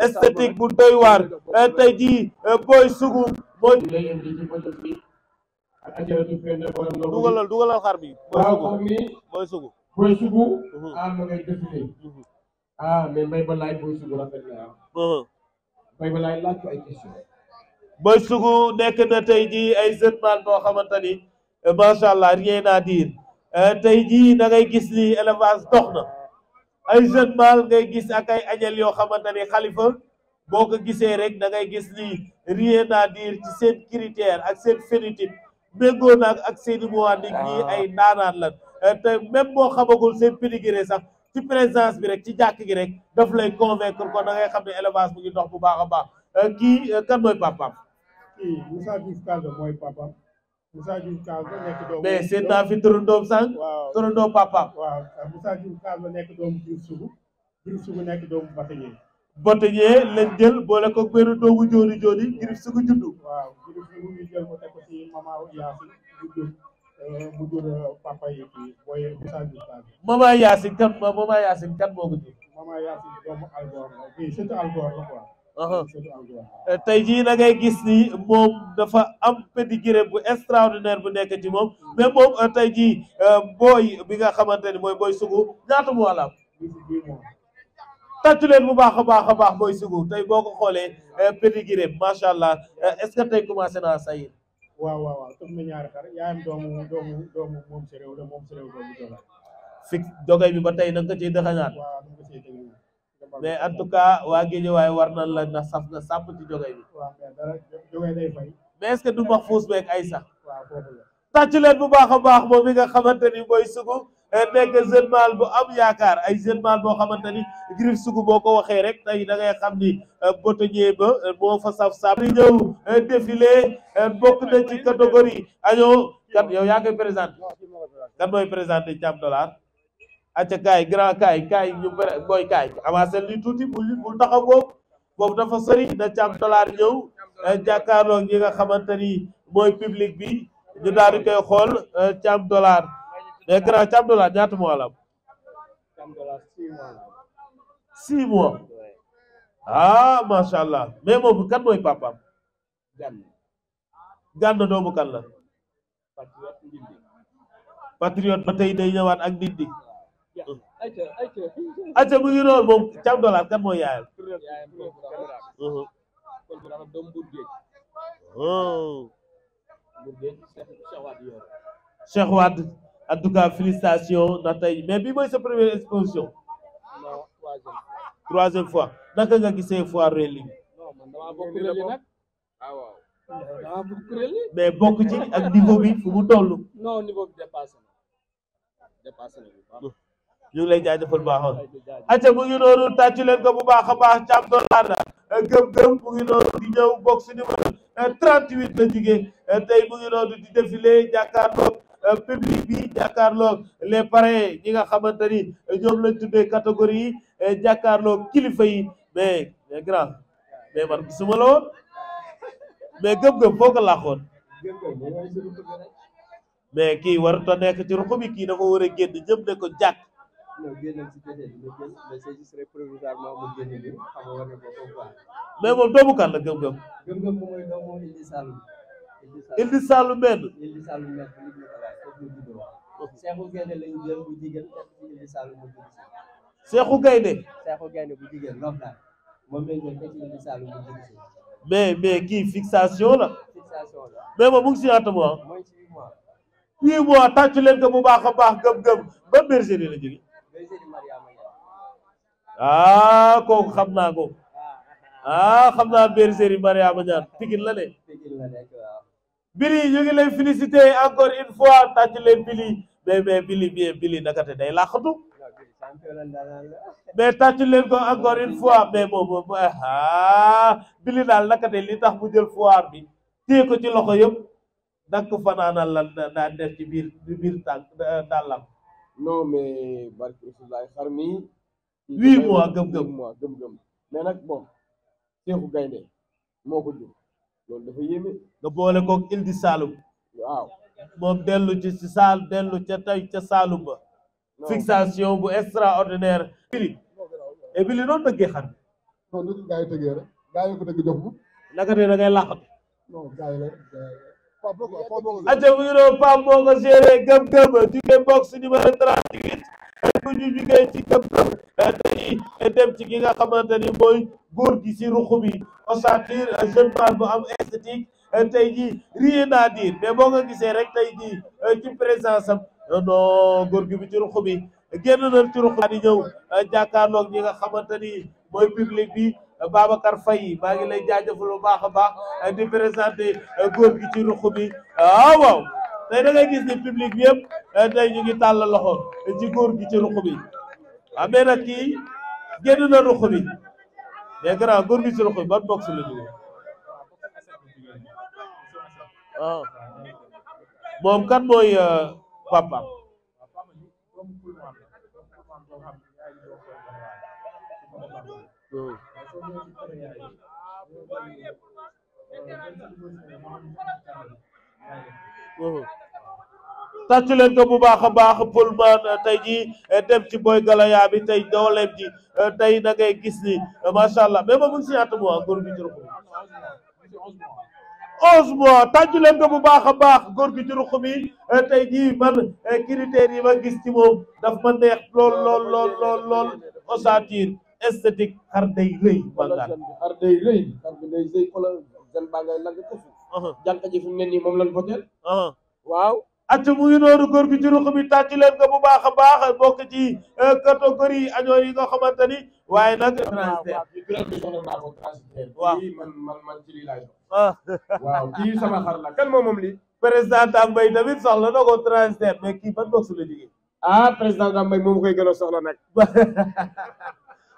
esthétique bu doy eh, tey jii eh, booy sugu dugalal dugalal xar bi booy sugu booy sugu mhm. ah ma ngay mhm. ah, mais may sugu rafet ah. mhm. sugu nekk na tey jii ay jeune man boo xamante ni macha allah rien à tey jii da gis ni élevage dox na ay jeune mâle ngay gis ak ay añel yoo xamante ne xalifa boo ko gisee rek da ngay gis ni rien à dire ci seen critère ak seen phénotype méngoo naag ak seeni mowandik ñi ah. ay ndaanaan lan eh, te même boo xamagul seen pédigré sax ci présence bi rek ci jàkk gi rek daf lay convaincre kon da ngay xam ne élevage mu ngi dox bu baax a baax eh, kii eh, kan mooy papam mooy papam Moussa Diouf nekk doomu. mais seet fi turandoom sànq. waaw turandoo waaw Moussa Diouf Kaas nekk doomu Diouf Sougou. Diouf Sougou nekk doomu Batañe. Batañe lañ boole ko benn doomu jooni jooni Diouf Sougou juddu. waaw Diouf Sougou ñu jël ko teg ko ci Eh, tey jii na ngay gis ni moom dafa am pedigree bu extraordinaire bu nekk ci moom mais moom eh, tey jii eh, booy bi nga xamante ni mooy booy sugu ñaata mu wàllam tàccu bu baax a baax a baax booy sugu tey boo ko xoolee pedigree macha allah est que tey commencé naa sayir waaw waaw ñaari xar yaayam doomu doomu doomu moom réew la moom sa réew doomu bi ba tey na nga ko ciy dëxañaat waaw na mais en tout cas waa Guédiawaye war na la na saf na sàpp ci jogay bi mais est-ce que du Mahfouss beeg ay sax tàccu leen bu baax a baax moom mi nga xamante ni mooy sugu eh, nekk jeune mâle bu am yaakaar ay jeune mâle boo xamante ni Griff Sougou boo ko waxee rek tey da ngay xam ni botanier eh, ba eh, moo fa saf saf di ñëw défilé bokk na ci catégorie añoo kat yow yaa koy présenté kan mooy présenté Thiam Dollar acca kay grand kay kay ñu boy kay avancé li touti bu bu taxaw boobu boobu dafa sori da am dollar ñew jakarlo gi nga xamanteni boy public bi ñu daal koy xol e, ci am dollar mais grand am dollar ñaata mo la am six mois ah macha allah mais mo kan mooy Gan. do doomu kan la patriote ba tey day ñewat ak nit acca mm. mu ngi noonu moom Thiam Dollar kan mooy yaayam. Cheikh Wade en tout cas félicitations ndax tey mais bii mooy sa première exposition. troisième fois naka nga gisee foire Relling. Ah, mais bokk ci ak niveau bi fu mu toll. non niveau bi dépassé na dépassé na ñu ngi lay jaajëfal baaxoon acca mu ngi noonu tàccu leen ko bu baax a baax Thiam Dolanda eh, gëm-gëm mu ngi noonu di ñëw box numéro 38 la jigéen eh, tey mu ngi noonu di défilé jàkkaarloog eh, public bi jàkkaarloog les parrains ñi nga xamante ni ñoom lañ tuddee catégorie yi jàkkaarloog kilifa yi mais mais grand mais man gisuma la woon mais gëm-gëm foo ko laaxoon mais kii war a nekk ci ruq bi kii dafa war a génn ñëpp ne ko jàkk. mais moom doomu kan la gëm-gëm. gëm-gëm moom mooy doomu Idi Saloum. Idi Saloum benn. Idi Saloum benn bu ñu ko laaj foofu la juddoo. Seexu Gaynde lañu jël bu jigéen def ci Idi Saloum bu jigéen. Seexu Gaynde. Seexu Gaynde bu jigéen loolu daal moom lañu jël def ci Idi Saloum bu jigéen. mais mais kii fixation la. fixation la mais moom mu ngi si ñaata mois. mooy si huit mois. huit mois tàcc leen ko bu baax a baax gëm-gëm ba bergerie la jógee. ah kooku xam naa ko ah xam naa bergerie Mariama Niane Pikine la ne Billy ñu ngi lay félicité encore une fois tàcc leen Billy mais mais Billy bien Billy naka te day làqatu mais tàcc leen ko encore une fois mais moom ah, ah Billy daal naka li tax mu jël foire bi téye ko ci loxo yëpp nak fanaanal lan daa def ci biir biir tànk dàllam mais barke Rasulullah xar mi huit mois gëm-gëm huit mois gëm-gëm mais nag bon Seexu Gaynde moo ko jur loolu dafa boole koog Ildi Saalum. waaw moom dellu ci si saal ca tey ca Saalum ba. fixation bu extraordinaire. Bili et Bili noonu dëggee ko dëgg jox ko. naka ne da ngay làqatu. non gaa yi ko. Pape moo gëm-gëm jugee box numéro 38. bu ñu jugee ci gëm-gëm eh, dañuy ci ki nga xamante ni mooy góor gi si ruxu bi ossature eh, jeune man bu am esthétique eh, tey jii rien à dire mais boo nga gisee rek tey jii ci présence am non góor gi bi ci ruxu bi génn na ci ruxu di ñëw jàkkaarloog ñi nga xamante ni mooy public bi Babacar Faye maa ngi lay jaajëfal bu baax a baax di présenté góor gi ci ruxu bi ah waaw tey da gis ni public bi yëpp eh, tey ñu ngi tàll loxo ci góor gi ci ruq bi waaw mais nag kii génn na ruq bi mais grand góor gi ci ruq bi ban box la jógee moom kan mooy eh, papa hmm. tàcc leen ko bu baax a baax Pullman tey jii eh, dem ci boy galaya bi tey dooleem ji eh, tey da ngay gis ni eh, macha allah mais moom mu ngi si ñaata mois góor gi ci leen ko bu baax a baax góor gi ci ruq bi tey jii man critères yi ma gis ci moom daf ma neex lool lool lool lool lool ossature esthétique xar day rëy bangaan Uh-huh. jant ji fi mu ne nii moom lañ voté uh-huh. waaw acc mu ngi noonu góor gi ci ruq bi tàcc leen ko bu baax a baax bokk ci uh, catégorie añoo yi nga xamante ni waaye nag waaw man man man ci uh-huh. waaw kii sama xar la kan moom moom lii président Dambay tamit soxla na ko transfert mais kii ban box la jógee ah président Dambay moom koy gën a soxla nag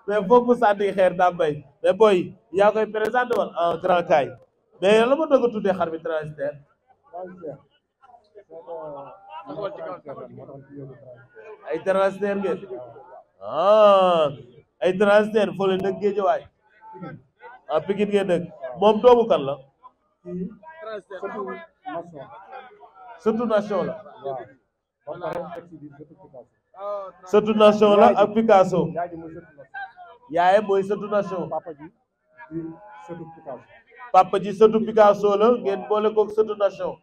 mais foog mu sànni xeer Dambay mais boy yaa koy présenté wal en grand cas mais la ma dëgg tuddee xar bi transitaire ay transitaire ngeen ah ay transitaire foo leen dëgg géejawaay ah Pikine ngeen dëgg moom doomu kan la surtout nation la surtout nation la ak Picasso yaay mooy surtout nation papa ji surtout papa ji sëtu Picasso la ngeen boole koog sëtu nation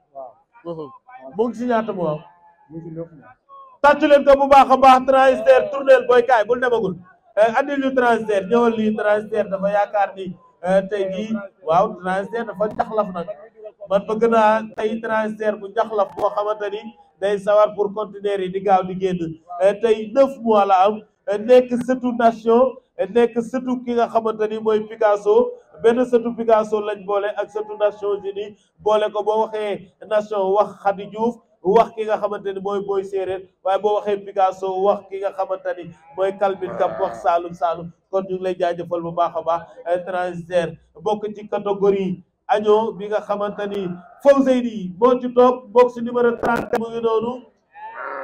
mu ngi si ñaata mu am tàccu leen ko bu baax a baax transitaire tournel booy kaay bul demagul eh, andil ñu transitaire ñëwal lii transitaire dafa yaakaar ni eh, tey gi waaw transitaire dafa jaxlaf nag man bëgg naa tey transitaire bu jaxlaf boo xamante ni day sawar pour conteneur yi di gaaw di génn eh, tey neuf mois la am nekk sëtu nation nekk sëtu ki nga xamante ni mooy Picasso benn sëtu Picasso lañ boole ak sëtu Nations Unies boole ko boo waxee nation wax Khady Diouf wax ki nga xamante ni mooy booy Séeréer waaye boo waxee Picasso wax ki nga xamante ni mooy Kalbin Kam wax Saalum Saalum kon ñu ngi lay jaajëfal bu baax a baax transitaire bokk ci catégorie año bi nga xamante ni Fawzeyni moo ci topp bokk ci numéro 30 mu ngi noonu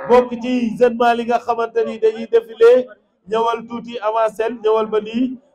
bokk ci jeune mali nga xamante ni dañuy défilé ñëwal tuuti avant seen ñëwal ba nii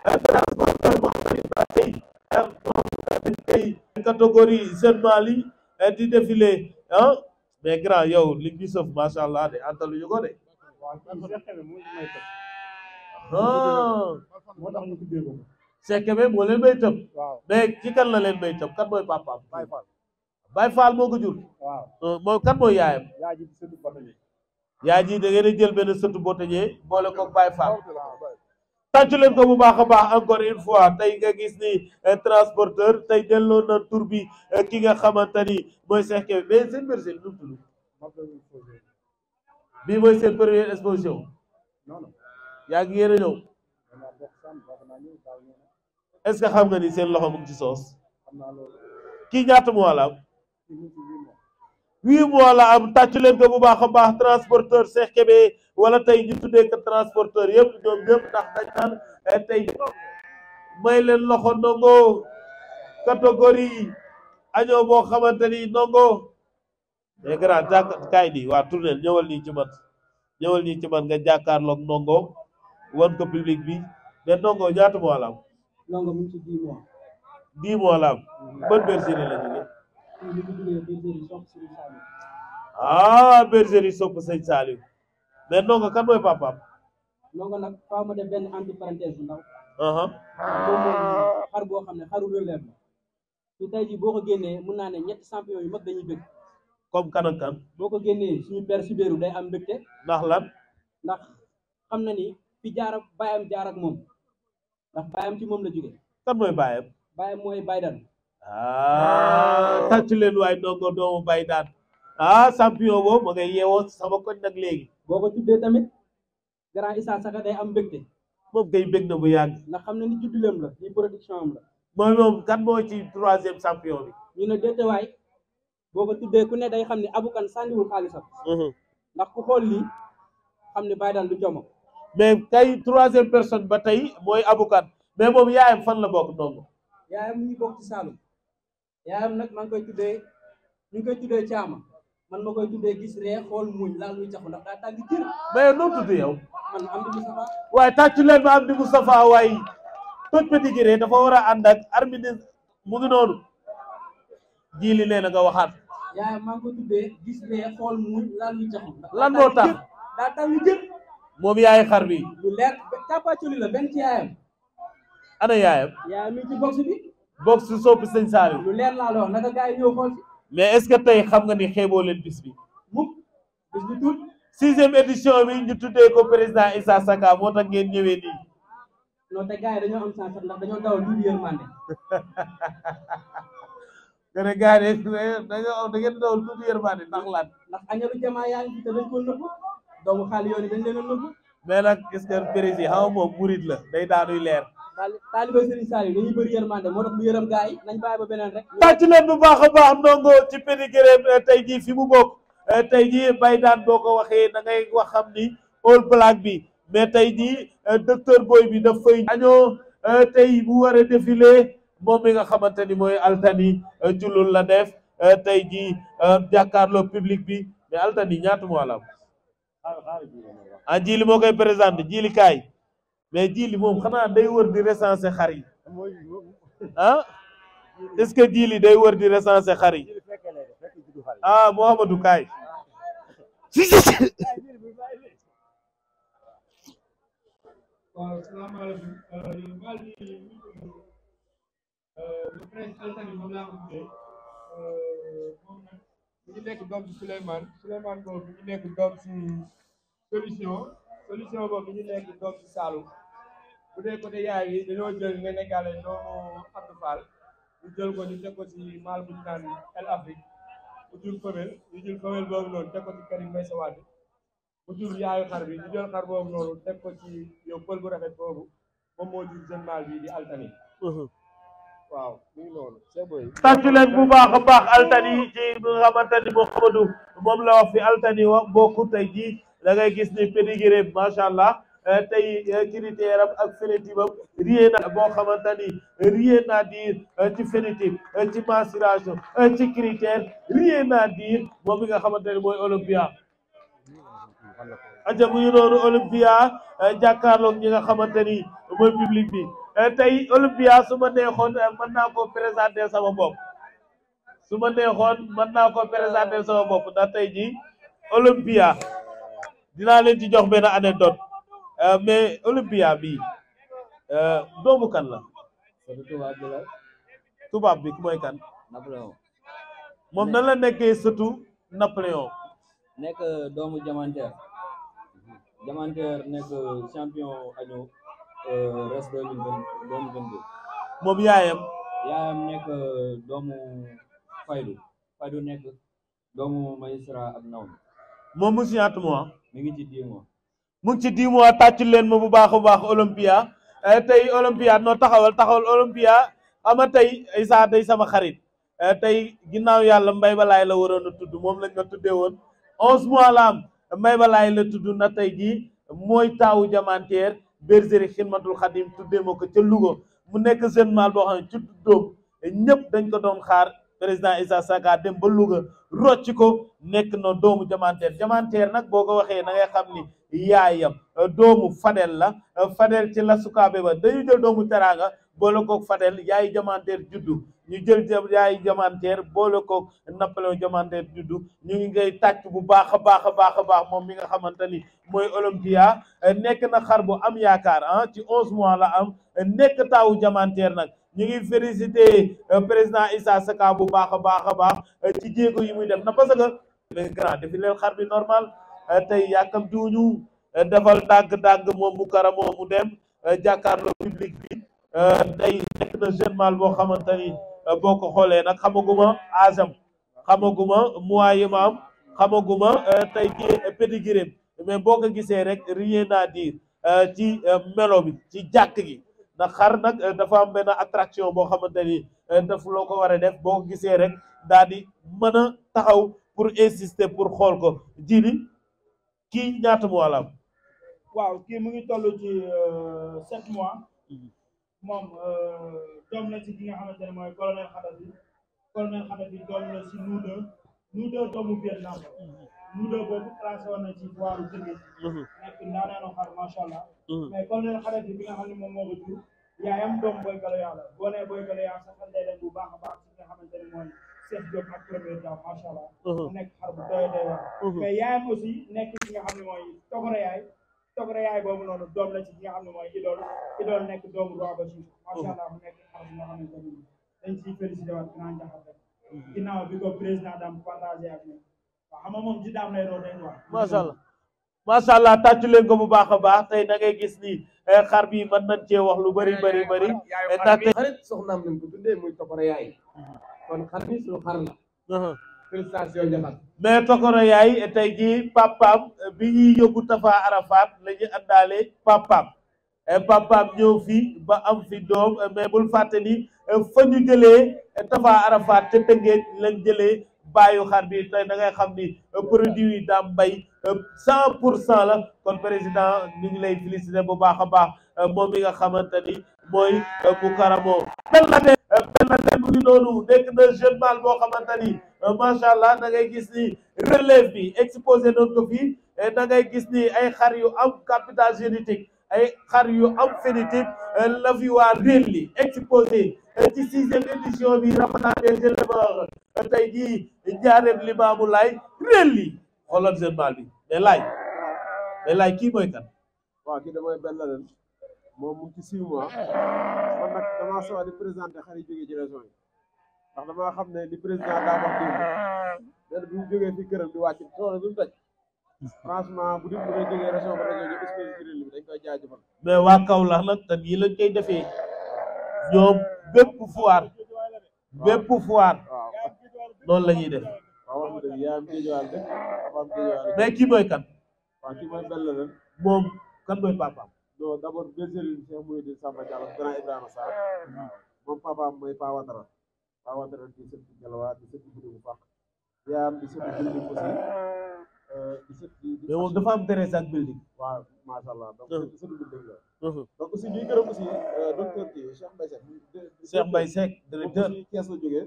financement fermement manifester yi ay catégorie seulement li eh, di grand yow li ngi sëf allah de antaluñu ko de ah Sekebe moo may tëb mais ci kan may tëb kan mooy papaam Baye Fall moo ko jur euh, mooy kan mooy yaayam yaa ji da ngeen a jël benn sëtu botañee boole ko Baye Fall tàccu leen ko bu baax a baax encore une fois tey nga gis ni eh, transporteur tey delloo na tur bi eh, ki nga xamante ni mooy Cheikh Kébé mais seen bergerie nu mu bi mooy seen première exposition yaa ngi yéen a ñëw est ce que xam nga ni seen loxo mu ngi ci soos kii ñaata mois la am huit mois la am tàccu leen ko bu baax a baax transporteur Cheikh Kébé wala tay ñu tuddé ko transporteur yépp ñoom ñëpp tax dañ naan eh, tay may leen loxo nongo catégorie año bo xamanteni nongo ndongo mais eh, grand jàkk kaay nii waa tournel ñëwal ni ci mat ñëwal ni ci mat nga jakar lok nongo won ko public bi né nongo jaatu mo alam nongo mu ci dix mois dix mois la bon ban bergerie la jóge ah bergerie sopp sëñ Saliou mais ndongo kan mooy papaam. ndongo nag faaw ma def benn entre parenthèse bu ndaw. Uh-huh. moom mooy xar boo xam ne xaru relève la. te tey boo ko génnee mun naa ne ñett champion yu mag dañuy bëgg. comme kan kan. boo ko génnee suñu père Sibéru day am mbégte. ndax lan. ndax xam na ni fi jaar ak baayam jaar ak moom ndax baayam ci moom la jóge kan mooy baayam. baayam mooy Baydaan. ah tàcc leen waay ndongo doomu Baydaan ah champion boobu ma sama koñ nag léegi. boo ko tuddee tamit grand Issa Saka day am mbégte. moom kay bég na bu yàgg. ndax xam na ni judduleem la ni production am la. mooy moom kan moo ci troisième champion bi. ñu ne déetewaay boo ko tuddee ku ne day xam ne abukan sànniwul xaalisam. Mhm. ndax ku xool lii xam ne bàyyi daal du jomo. mais tey troisième personne ba tey mooy abukan mais moom yaayam fan la bokk noonu. yaayam ñu bokk ci Saloum. yaayam nag maa ngi koy tuddee ñu ngi koy tuddee Caama. man ma koy tuddee gis ree xool muñ laal muy caxu ndax daa tàng jër mais noo tudd yow man Amdi Moustapha waaye tàccu leen ma Amdi Moustapha waaye toj petit gré dafa war a ànd ak armini mu ngi noonu jiili ne na nga waxaat yaa maa ko tuddee gis ree xool muñ laal muy caxu lan moo tax daa tàng jër moom yaay xar bi lu leer tàppaacoli la benn ci yaayam ana yaayam yaayam mi ci box bi box soppi sëñ Saliou lu leer laa wax naka gars yi ñëw xool si mais est-ce que tey xam nga ni xeboo leen bis bi mu bis bi tuut sixième édition bi ñu tuddee ko président Issa Saka moo tax ngeen ñëwee nii. non te gars yi dañoo am chance ndax dañoo daw tuuti yërmande. nga ne gars da ngeen daw tuuti yërmande ndax lan. ndax añalu jamaa yaa ngi te dañ ko nëbb doomu xaal yoon yi dañ leen a mais nag gis ngeen président xam nga moom la day daanuy leer. taalibe Serigne Saliou dañuy bëri yërmande moo tax mu yërëm gaa yi nañ bàyyi ba beneen rek tàcc leen bu baax a baax ndongo ci pédigré eh, tey jii fi mu bokk eh, tey ji bay daan boo ko waxee da ngay wax xam ni All Black bi mais tey jii eh, docteur Boy bi daf fay añoo tey bu war a défilé moom mi nga xamante ni mooy Altani julul la def tey jii jàkkaarloo public bi mais Altani ñaata mois la am ah, jili moo koy présenté jili mais jiili moom xanaa day wër di recenser xar ah est-ce que jiili day wër di recenser xar yi ah Mouhamadou Kaay. waaw euh, nekk doom si Souleymane Souleymane boobu mi ngi nekk doom si solution solution boobu mi nekk doom si Saloum bu dee côté yaay bi dañoo jël nga nekkaale doomu Abdou Fall ñu jël ko ñu teg ko ci maal bu ñu naan El Afrique mu jur femelle ñu jël femelle boobu noonu teg ko ci Karim Meïssa Wade mu jur yaayu xar bi ñu jël xar boobu noonu teg ko ci yow pël bu rafet boobu moom moo jur jeune mâle bi di Altani waaw mu ngi noonu c'est bon tàcc leen bu baax a baax Altani ci nga xamante ni Mouhamadou moom la wax fi Altani wax bokkut tey jii da ngay gis ni pédigré bi macha allah Euh, tey euh, critère am ak fénitif am rien na boo xamante ni rien à dire euh, ci fénitif ci mensuration ci critère rien à dire moom mi nga xamante ni mooy olympia aja muy noonu ñi nga xamante ni mooy public bi tey olympia su ma neexoon mën naa ko présenter sama bopp su ma neexoon mën naa ko présenter sama bopp ndax tey ji olympia dinaa leen ci jox benn anecdote Euh, mais Olympia bi euh, doomu kan la. tubaab bi ku mooy kan. Napoléon. moom nan la nekkee surtout Napoléon. nekk doomu Diamantaire. Diamantaire nekk champion agneau euh, res 2022. moom yaayam. yaayam nekk doomu Faydu Faydu nekk doomu magistrat ak nawm moom mu si ngi ci dix mu ngi ci dix mois tàcc leen ma bu baax a baax Olympia eh, tey Olympia noo taxawal taxawal Olympia ama tey Issa day sama xarit e tey ginnaaw yàlla mbay balaay la waroon a tudd moom lañ ma tuddee woon onze mois la am mbay balaay la tudd na tey jii mooy taawu jamanteer bergerie xidmatul xadim tuddee ma ko ca Louga mu nekk jeune mâle boo ci doom ñëpp dañ ko doon xaar président Issa Saka dem ba Louga rocci ko nekk na doomu jamanteer jamanteer nag boo ko waxee na xam ni yaayam euh, doomu Fadel la euh, Fadel ci la sukaabe ba dañu jël doomu teraanga boole ko Fadel yaay jamanter juddu ñu jël yaayu jomanteer boole ko nappaloo jomanteer juddu ñu ngi ngay tàcc bu baax a baax a baax a baax moom mi nga xamante ni mooy Olympia nekk na xar bu am yaakaar ah ci onze mois la am nekk taawu jomanteer nag ñu ngi félicité euh, président Issa Saka bu baax a baax a baax euh, ci jéego yi muy def na parce que les leen xar bi normal euh, tey yàkkam jiwuñu defal dàgg-dàgg moom mu kara moom mu dem jàkkaarloo public bi tey nekk na jeune mâle boo xamante ni Euh, boo ko xoolee nag xamaguma asam xamaguma mois yi ma am xamaguma euh, tey jii pédigré mais boo ko gisee rek rien à dire euh, ci melo bi ci jàkk gi ndax xar nag dafa am benn attraction boo xamante ni daf loo ko war a def boo ko gisee rek daal di mën a taxaw pour insister pour xool ko jili ki ñaata mois la am mu ngi toll ci 7 mois. Mhm. moom euh, doom la ci ki nga xamante ne mooy colonel Khadafi colonel Khadafi doom la ci Nuuda Nuuda doomu Vietnam mhm. Nuuda boobu classé woon na ci waaru Tëngéej mhm. nekk ndaanaanu xar macha allah mhm. colonel Khadafi bi nga moom moo ko jur yaayam doom Boy Galoya la boo nee Boy Galoya sax bu baax a baax ci nga xamante ne mooy Cheikh Diop ak premier daaw macha nekk xar bu doy doy waar yaayam aussi nekk ki nga xam ne mooy Togora yaay Toubra yaay boobu noonu doom la ci ñi nga xam ne mooy idool idool nekk doomu roi ba ci macha bi ko président daam partagé ak ñoom waaw xam nga moom ci daam allah macha allah ko bu baax a baax tey da ngay gis ni eh, xar bi mën nañ cee wax lu bëri bari bëri eh, ndaxte xarit soxnaam lañ ko mais Tokoro yaay tey jii papam bi ñuy yóbbu Tafa Arafat la ñu àndaale papaam eh, papaam ñëw fi ba am fi doom eh, mais bul fàtte ni eh, fa ñu jëlee Tafa Arafat te Tëngéej lañ jëlee baayu xar bi tey da ngay xam ni produit yi daam mbay cent pour cent la kon président ñu ngi lay félicité bu baax a baax moom mi nga xamante ni mooy Mukaramo benn la mu ngi noonu nekk na jeune mâle boo xamante ni euh, macha allah da ngay gis ni relève bi exposé noonu ko fii da gis ni ay xar yu am capital génétique ay xar yu am phénotype euh, la fi waa réel exposé euh, ci sixième édition bi ramadan des éleveurs tey jii njaareem limaamu laay réel li xoolal jeune bi mais laay mais laay kan moom mu ngi ci six eh. man di présenté xar yi jógee ci région yi ndax damaa xam li président daa wax di wàcc soxla bi mu franchement bu dee bu dee jógee région ba région ñoom espèce bi bi dañ koy jaajëfal. mais waa Kaolack nag tam yi lañ koy defee ñoom bépp foire bépp foire noonu la def. mais kan. kan do d' abord bergerie Cheikh Mouhidine Samba Diallo grand Ibrahima Sarr waaw moom papaam mooy Paa Watara Paa Watara di sëtti Jalwa di sëtti Bidou Fak yaam di sëtti Bidou aussi di sëtti. mais moom dafa am terrain ak building. waaw macha allah donc sëtti building la. donc aussi ñuy gërëm aussi docteur kii Cheikh Mbaye Seck. Cheikh Mbaye Seck directeur moom aussi Thiès la jógee.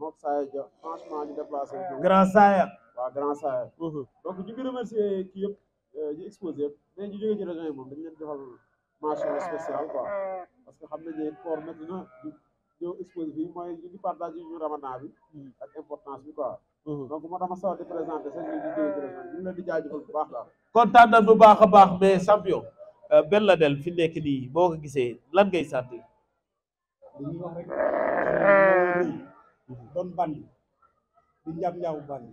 moom Saaya ja franchement ñu déplacé. grand Saaya. waaw grand Saaya. donc ñu ngi remercier kii yëpp. Euh, ñu exposé moom dañu leen defal mention spéciale quoi que xam nañu ne koor métti na ñu ak importance bi quoi mhm. donc moo tax ma di présenté seen di jaajëfal bu baax daal kontaan nañ bu baax a baax mais champion euh, benn la del fi nekk nii boo ko gisee lan ngay sànni dañuy wax rek doon bandi di njaab njaabu bandi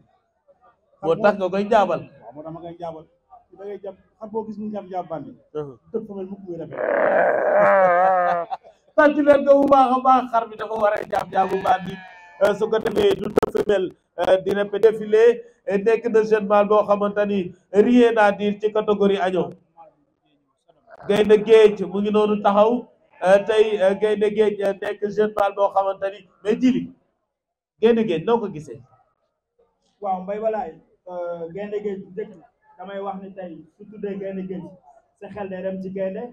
moo moo tax ma koy njaabal da ngay jàpp xam boo gis ñu jàpp jàppandi. dëpp uh-huh. fa mel mukk muy rafet. baax a baax xar bi dafa war a jàpp jàpp bandi uh, su ko defee du dëpp fa mel uh, dina pe défilé uh, nekk na jeune mâle boo xamante ni rien à ci catégorie año. gaynde géej mu ngi noonu taxaw tey gaynde géej nekk jeune mâle boo xamante ni mais jili gaynde géej noo ko gisee. waaw mbay balaay gaynde géej damay wax ni tey su tuddee gaynde géej sa xel day dem ci gaynde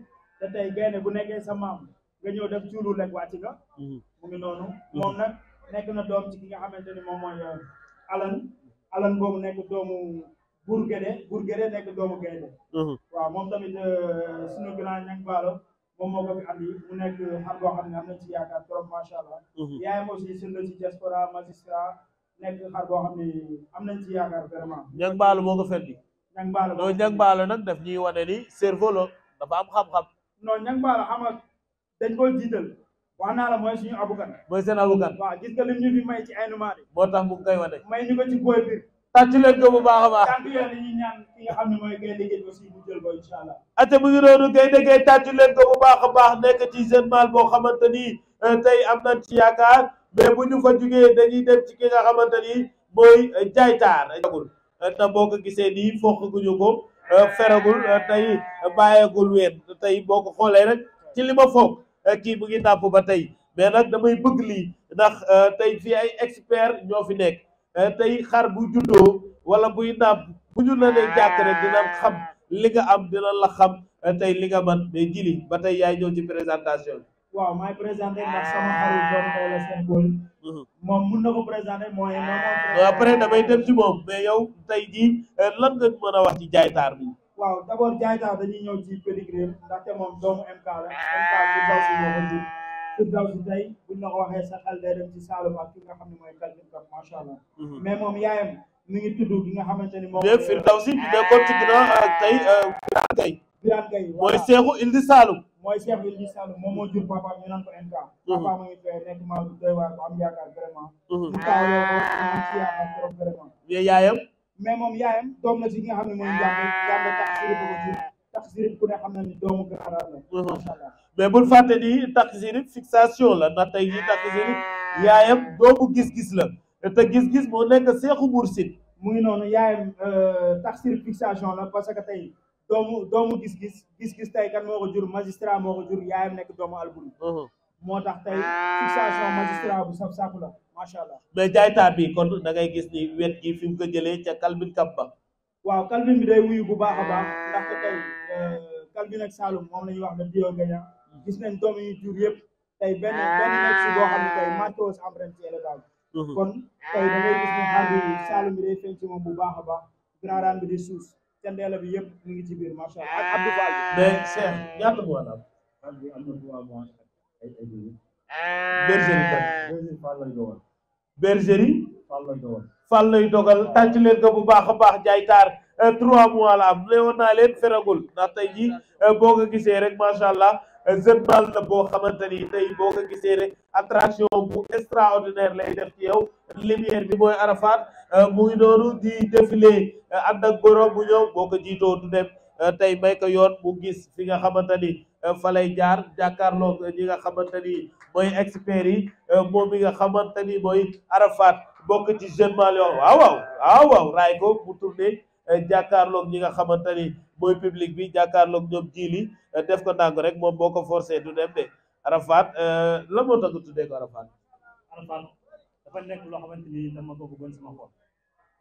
te tey gaynde bu nekkee sa maam nga ñëw def cuulu rek wàcc nga mm-hmm. mu ngi noonu moom nag nekk na doom ci ki nga xamante ni moom mooy uh, alan alan boobu nekk doomu Bourguédé Bourguédé nekk doomu gaynde mm-hmm. waaw moom tamit uh, suñu grand ñag baalo moom moo ko fi andi mu nekk xar boo xam ne am nañ ci yaakaar trop macha allah mm-hmm. yaayam aussi suñ la ci diaspora magistrat nekk xar boo xam ne am nañ ci yaakaar vraiment ñag baalo moo ko bi non ñang baalo nag daf ñuy wane ni cerveau la dafa am xam-xam non ñang baalo xam nga dañ koo jiital wax naa la mooy suñu abukan mooy seen abukan waaw gis nga lim ñu fi may ci ay numaari moo tax mu ngi koy wane may ñu ko ci booy biir tàcc leen bu a baax tànk yooyu la ñuy ñaan ki nga xam ne mooy gaynde gi aussi mu jël ko incha allah ate mu ngi noonu gaynde gi tàcc leen ko bu baax a baax nekk ci jeune mal boo xamante ni euh, tey am nañ ci yaakaar mais bu ñu fa jugee dañuy dem ci ki nga xamante ni mooy jaaytaar jagul te boo ko gisee nii foo foog ñu ko eh, feragul eh, tey bàyyeegul ween tey boo ko xoolee rek ci li ma foog eh, kii bu ngi nàpp ba tey mais nag damay bëgg lii ndax tey fi ay expert ñoo fi nekk tey xar bu juddoo wala buy nàpp bu ñu la nee jàkk rek dina xam li nga am dina la xam tey li nga man mais jili ba tey yaay ñëw ci présentation waaw maay présenté ndax sama xarit doom tey la seen Mhm. moom mun na ko présenter mooy. après damay dem si moom mais yow tey jii euh, lan nga mën a wax ci jaaytaar bi. waaw d' abord jaaytaar dañuy ñëw ci pédigré ndaxte moom doomu MK la MK bi daw si ñëw ba pour daw si tey buñ la ko waxee sa ci Saloum ak ki nga xam ne mooy Kalidou Diop macha allah. Mhm. moom yaayam mi ngi tudd ki nga xamante ni moom. mais Firdawsi dina ko ci ginnaaw tey tey. Birane Gueye mooy seexu Ildi Saloum mooy seexu Ildi moom moo jur papa mhm. papa ma ngi fee nekk maa ngi doy waar ko am yaakaar vraiment ñu tawloo ci yaakaar trop vraiment mais yaayam mais moom yaayam doom la ci nga xam ne mooy jàmb jàmb na ni doomu gaara la mhm. macha allah mais ni tax sirib fixation la ndax tey jii tax sirib yaayam doomu gis-gis la te gis-gis moo nekk seexu Moursine mu ngi noonu yaayam euh, tax sirib la parce que tey doomu doomu gis-gis gis-gis tey kan moo ko jur magistrat moo ko jur yaayam nekk doomu Alboury uh-huh. moo tax tey ah. fixation magistrat bu saf sàpp la macha allah mais jaay taat bi kon da ngay gis ni wet gi fi mu jëlee ca Calvin Kap ba waaw Calvin bu baax a baax ah. ndaxte tey euh, moom la ñuy wax le hmm. gis nañ doom yi jur yëpp tey benn ah. benn nekk si boo xam ne tey matros emprunté élevage kon tey da gis ne xar bi Saloum bi day feeñ moom bu baax a baax grand bi di suus candeela bi yëpp mu ngi ci biir macha allah ak Abdou Fall mais ah. Cheikh ñaata bu wàll am am na trois mois ay bergerie kan dogal bergerie leen ko bu baax a baax jaay taar euh, trois mois la am léewoon naa leen feragul ndax tey jii euh, boo ko gisee rek macha allah euh, jeune mâle la boo xamante ni tey boo ko gisee rek attraction bu extraordinaire lay def ci yow lumière bi mooy Arafat Euh, mu ngi noonu di défilé euh, ànd ak bu ñëw boo ko jiitoo du dem euh, tey may ko yoon mu gis fi nga xamante ni fa lay jaar jàkkaarloo ñi nga xamante ni mooy expert yi moom bi nga xamante ni mooy Arafat bokk ci jeune Malion waaw waaw waaw waaw raay ko mu tourné jàkkaarloog ñi nga xamante ni mooy public bi jàkkaarloog ñoom jiili def ko ndànk rek moom boo ko forcé du dem de Arafat la moo tax tuddee ko Arafat Arafat nekk loo xamante ni dama ko bëggoon sama xol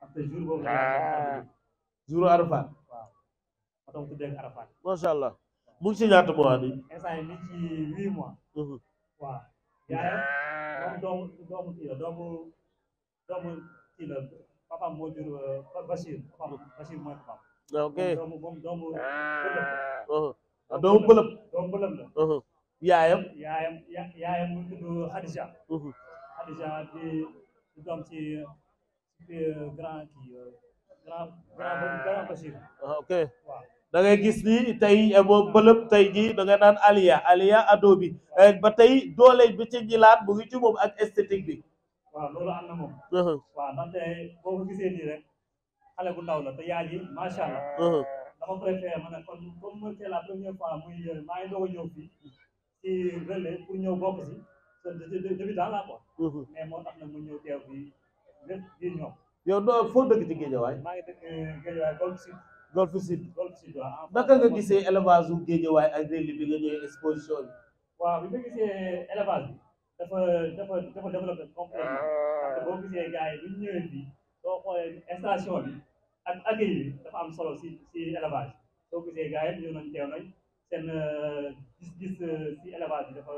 ah jour arafat waaw oto bu tuddee arafat Masya allah mu ngi si ñaata mois ni instant ni ya? Ya. mois waaw yaayam moom doomu doomu kii la doomu doomu kii la papaam moo Ya Ya papaam Ya mooy ya ok doomu moom doomu doomu Ya ya. Ya ya ya ya yaayam mu tudd Khadija di doom si. grand ah. Ah, ok da ngay gis ni tey boobu eh, ah. bëlëb tey jii da nga naan Aliya Aliya ado bi eh, ba tey doole bi ci ñilaat bu ngi ak esthétique bi. waaw loolu am na moom. Uh-huh. waaw ndaw la uh-huh. dama préféré ma ne kon la première fois muy euh, maa ngi a ñëw fii ci relais pour ñëw bokk si débutant la quoi. Uh-huh. mais yow doo foo dëkk ci Géejawaay. maa ngi dëkk eh, Géejawaay Golf Sud. Golf Sud. Golf Sud waaw. Ah, naka nga gisee élevage Géejawaay ak réew bi nga ñëwee exposition bi. bi nga gisee élevage bi dafa dafa dafa boo gisee gars yi bu ñu ñëwee fii soo xoolee installation ak accueil bi am solo si si élevage soo gisee ñëw nañ teew nañ euh, gis-gis euh, si élevage bi dafa.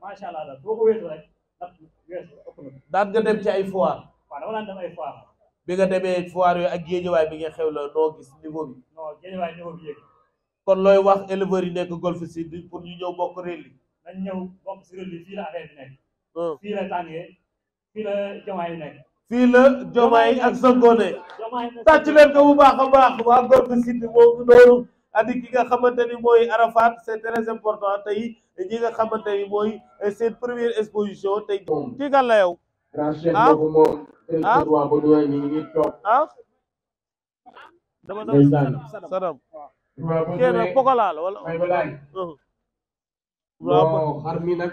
macha allah boo ko wéetoo rek. daan nga dem ci ay foire waaw dama daan dem ay bi nga demee foire yooyu ak géejawaay bi nga xew la noo gis niveau bi non géejawaay kon looy wax éleveurs yi nekk Golf Sud pour ñu ñëw bokk réel yi nañ ñëw bokk fii la affaire bi hmm. fii la tàngee fii la jomaay yi nekk fii ak Sangone tàcc leen ko bu baax a baax waa Golf Sud moo ngi noonu andi ki nga xamante ni mooy Arafat c'est très important tey ñi nga xamante ni mooy seen première exposition tey kii kan la yow ah ah, ah? dama dama sadam kenn pokola la wala uh-huh. waaw xar mi nag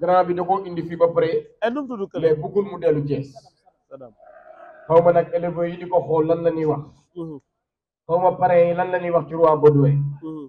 grand bi da koo indi fi ba pare eh, num tudd kële mais mu dellu Thiès xaw ma nag élèves yi di ko xool lan la wax uh-huh. xaw ma pare lan la wax ci roi Baudouin uh-huh.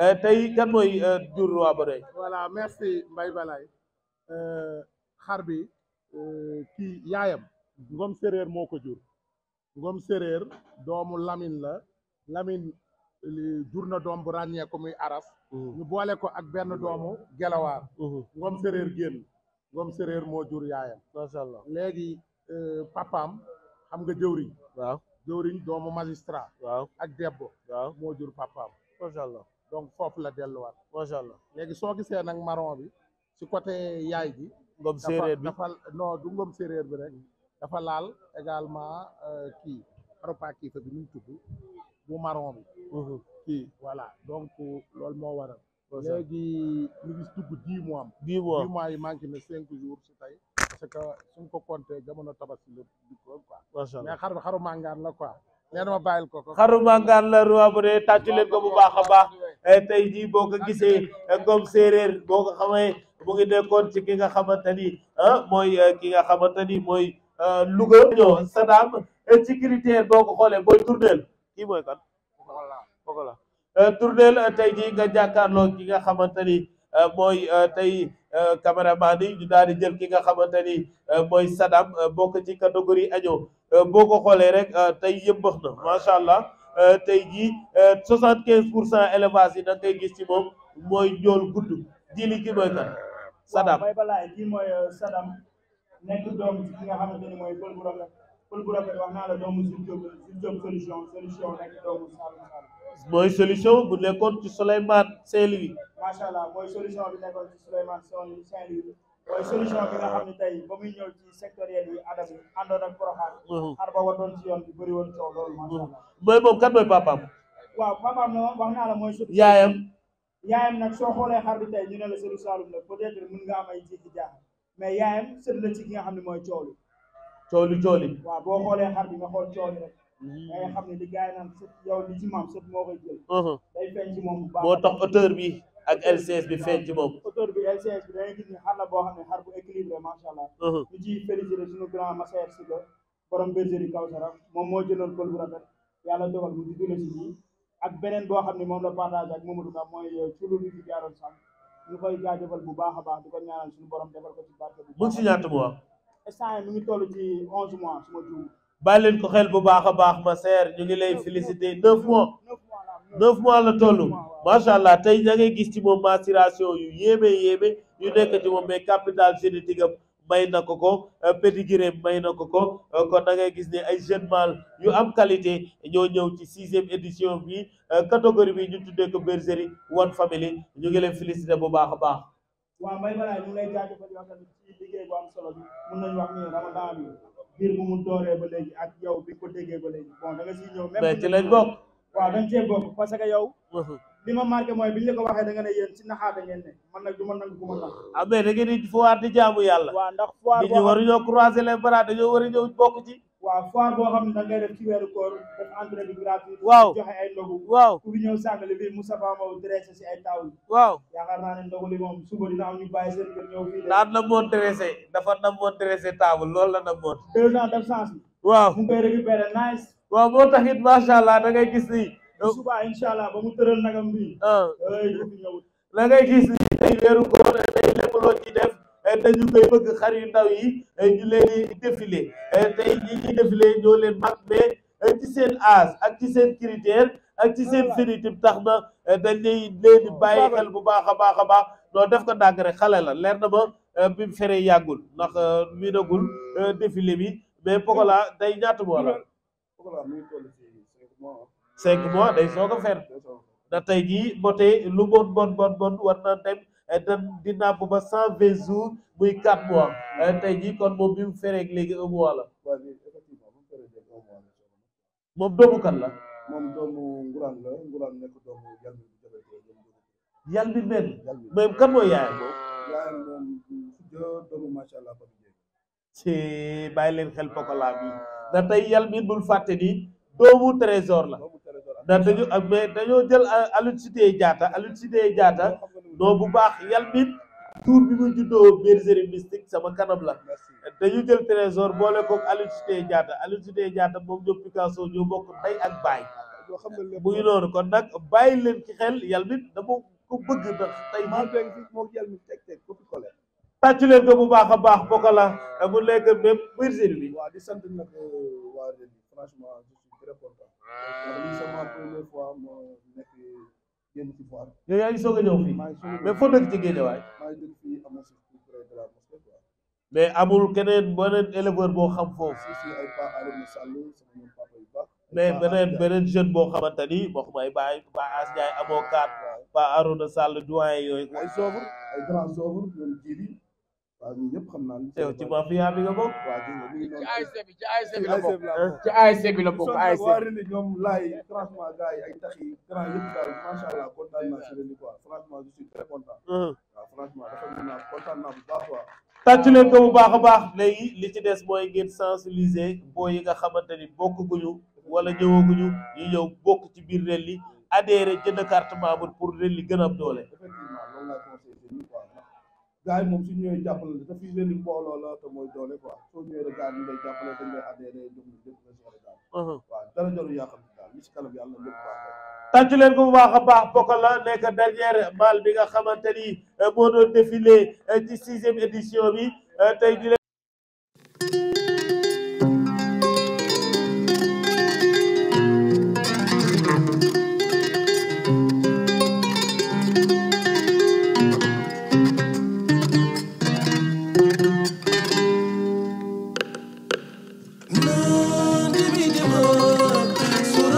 Euh, tey kan mooy euh, jur waa Bodoy. voilà merci mbay Mbaye Balaye euh, xar bi kii yaayam Ngom Séréer moo ko jur Ngom Séréer doomu Lamine la lamin jur na doom bu ràññeeku muy araf mm-hmm. ñu boole ko ak benn doomu gelawaar mm-hmm. Ngom Séréer génn Ngom Séréer moo jur yaayam macha allah léegi papam xam nga jëwriñ waaw jëwriñ doomu magistrat waaw ak debbo waaw moo jur papaam allah donc foofu la delluwaat. macha allah léegi soo gisee nag marron bi ci côté yaay bi ngom séeréer bi dafa non du ngom séeréer bi rek. dafa laal également euh kii aropa ki fa bi ñu tuddu bu marron bi. Mhm. ki voilà donc lool mo waral. léegi ñu gis tuddu 10 mois 10 mois dix mois yi manki na 5 jours ci tay parce que suñ ko compté jamono tabaski la ko quoi. machallah allah mais xaru xaru màngaan la quoi. nee na ma bàyyil ko ko xaru màngaan la roi bu dee tàccu leen ko bu baax a baax eh, tey jii boo ko gisee eh, comme séeréer boo ko xamee mu ngi nekkoon ci ki nga xamante ni ah, mooy eh, ki nga xamante ni mooy Louga ñoo Sadam ci boo ko xoolee booy tournel kii mooy kan Pokola tey jii nga jàkkaarloo ki nga xamante ni mooy tey Euh, caméraman yi ñu daal di jël ki nga xamante ni euh, mooy Sadam euh, bokk ci catégorie año boo ko xoolee rek tey yëmbax na macha allah tey jii soixante quinze pour cent élevage yi da ngay gis ci moom mooy njool gudd ji li ki mooy Sadam pël bu rafet wax naa la doomu si jëm solution solution nekk doomu Saalum mooy solution bu nekkoon ci Souleymane Saint-Louis macha allah mooy solution bi nga xam ne tey ba muy ñëw ci sectoriel yi adam yi àndoon ak Porokhane xar ba ci yoon bi bëri woon coow loolu macha allah mooy moom kan mooy papaam waaw papaam yaayam yaayam nag soo xoolee xar bi tey ñu ne la Sëriñ Saalum la peut-être mën nga am ay jiifi mais yaayam sët na ci ki nga xam ne mooy coow cooli cooli waaw boo xoolee xar bi nga xool cooli rek hmm. da nga xam ne di gars yi naan sët yow li ci maam sët moo koy jël uh-huh. day feeñ ci moo tax auteur bi ak LCS bi feeñ ci moom bi LCS bi dangay gis ne xar la boo xam ne xar bu équilibré macha uh-huh. grand masaer si la borom bergerie Kawsara moom moo jëloon pël bu rafet yàlla dogal mu duggale si ñii ak beneen boo xam ne moom la partage ak Mamadou Ka mooy culu euh, li bi jaaroon sànq ñu koy jaajëfal bu baax a baax di ko ñaanal suñu borom defal ko ci barke bu si ñaata bu instant mi ngi toll ci onze mois leen ko xel bu baax a baax ma ñu ngi lay féliciter neuf mois neuf mois la toll macha allah tey da ngay gis ci moom maturation yu yéeme ñu nekk ci moom capital génétique am may na ko ko euh, pédigré may na ko ko euh, kon da gis ni ay jeune mâle yu am qualité ñoo ñëw ci sixième édition bi euh, catégorie bi ñu tuddee ko bergerie one family ñu ngi leen féliciter bu baax a baax. waaw mbay balaa ñu lay jaajëfal yow tamit ci liggéey bu am solo bi mun nañu wax ni ramadan bi biir bu mu dooree ba léegi ak yow bi ko déggee ba léegi bon da nga siy ñëw même ci lañ bokk waaw dañ cee bokk parce que yow uh-huh. li ma marqué mooy biñ la ko waxee da nga ne yéen ci naxaate ngeen ne man nag du ma nangu ku ma nax ah mais da ngeen di foire yàlla waaw ndax foire nit ñi waruñoo croiser les bras dañoo war a ñëw bokk waaw foire boo xam ne da ngay def ci weeru koor def entrée bi gratuite. waaw joxe ay ndogu. waaw ku fi ñëw sàngale bi Moustapha Mbow dressé si ay tawul. waaw yaakaar naa ne ndogu li moom suba dina am ñu bàyyi seen kër ñëw fii. daan na moon dressé dafa na moon dressé table loolu la na moon. deux ans d'absence. waaw mu ngi koy récupéré nice. waaw moo tax it macha allah da ngay gis ni. suba incha allah ba mu tëral nagam bi. Ah. da ngay gis ni ay weeru koor day lépp loo Eh, dañu koy bëgg xar yu ndaw yi eh, ñu leen di défilé eh, tey ñi ñuy défilé ñoo leen mag mais ci seen âge ak ci seen critère ak ci seen phénotype tax na dañ lay leen di bàyyi xel bu baax a baax a baax noo def ko ndànk rek xale la leer na ma bi mu feree yàggul ndax miinagul défilé bi mais Pokola day ñaata mois la. Pokola mi ngi toll ci cinq mois. day soog a fer. ndax tey jii mbote lu bon bon bon bon war dem. di nàmp ba cent vingt jours muy quatre mois eh, tey jii kon moom bi mu fereeg léegi un mois la moom doomu kan la la nguraan nekk doomu yal bi yal mel même kan mooy yaayam moom yaayam bàyyi leen xel pokola bi da tey yal bi bul fàtte ni doomu trésor la ndax dañu ak mais dañoo jël Aline Sitoé Diatta Aline Sitoé Diatta non bu baax Yalmin tuur bi mu juddoo bergerie mystique sama kanam la dañu jël trésor boole koog Aline Sitoé Diatta jaata Sitoé Diatta moom ñoom Picasso ñoo bokk ndey ak baay mu ngi noonu kon nag bàyyi leen ci xel Yalmin dama ko bëgg ndax tey moom Yalmin teg teg ko tàcc leen ko bu baax a baax bokka la mu nekk même bergerie bi waaw di sant nag euh, waa franchement lii c'est ma première fois ma mais foo dëkk ci Guédiawaye. maa ngi dëkk fii amoon si près de mais amul keneen beneen éleveur boo xam foofu. si ay Pa mais beneen jeune boo xamante ni waxuma ay baay Pa As Ndiaye amoo kaat Pa Arouna Sall doyen yooyu. ay soofur ay grand soofur ñoom jiibi. waaw ñun ñëpp xam naa lu ci. bi nga bokk. waaw ci ASC e bi ci ASC e e bi la bokk ci la bokk ASC. waa René ñoom laay franchement gars yi ay tax yi grand yëpp daal macha allah bu baax ko bu baax a baax léegi li ci des mooy ngeen sensibiliser boo yi nga xamante ni bokkuñu wala ñëwaguñu ñu ñëw bokk ci biir Rally adhéré jënd carte membre pour Rally gën a am doole. effectivement loolu gars yi moom su ñëwee jàppale la te fii leen di mbooloo la te mooy doole quoi soo ñëwee rek gars yi ñu lay a dañ lay adhéré jox la lépp nga soxla daal. ne uh-huh. daal li si kanam baax tàcc leen ko bu baax a bi nga xamante moo doon défilé eh, ci sixième édition bi eh, tey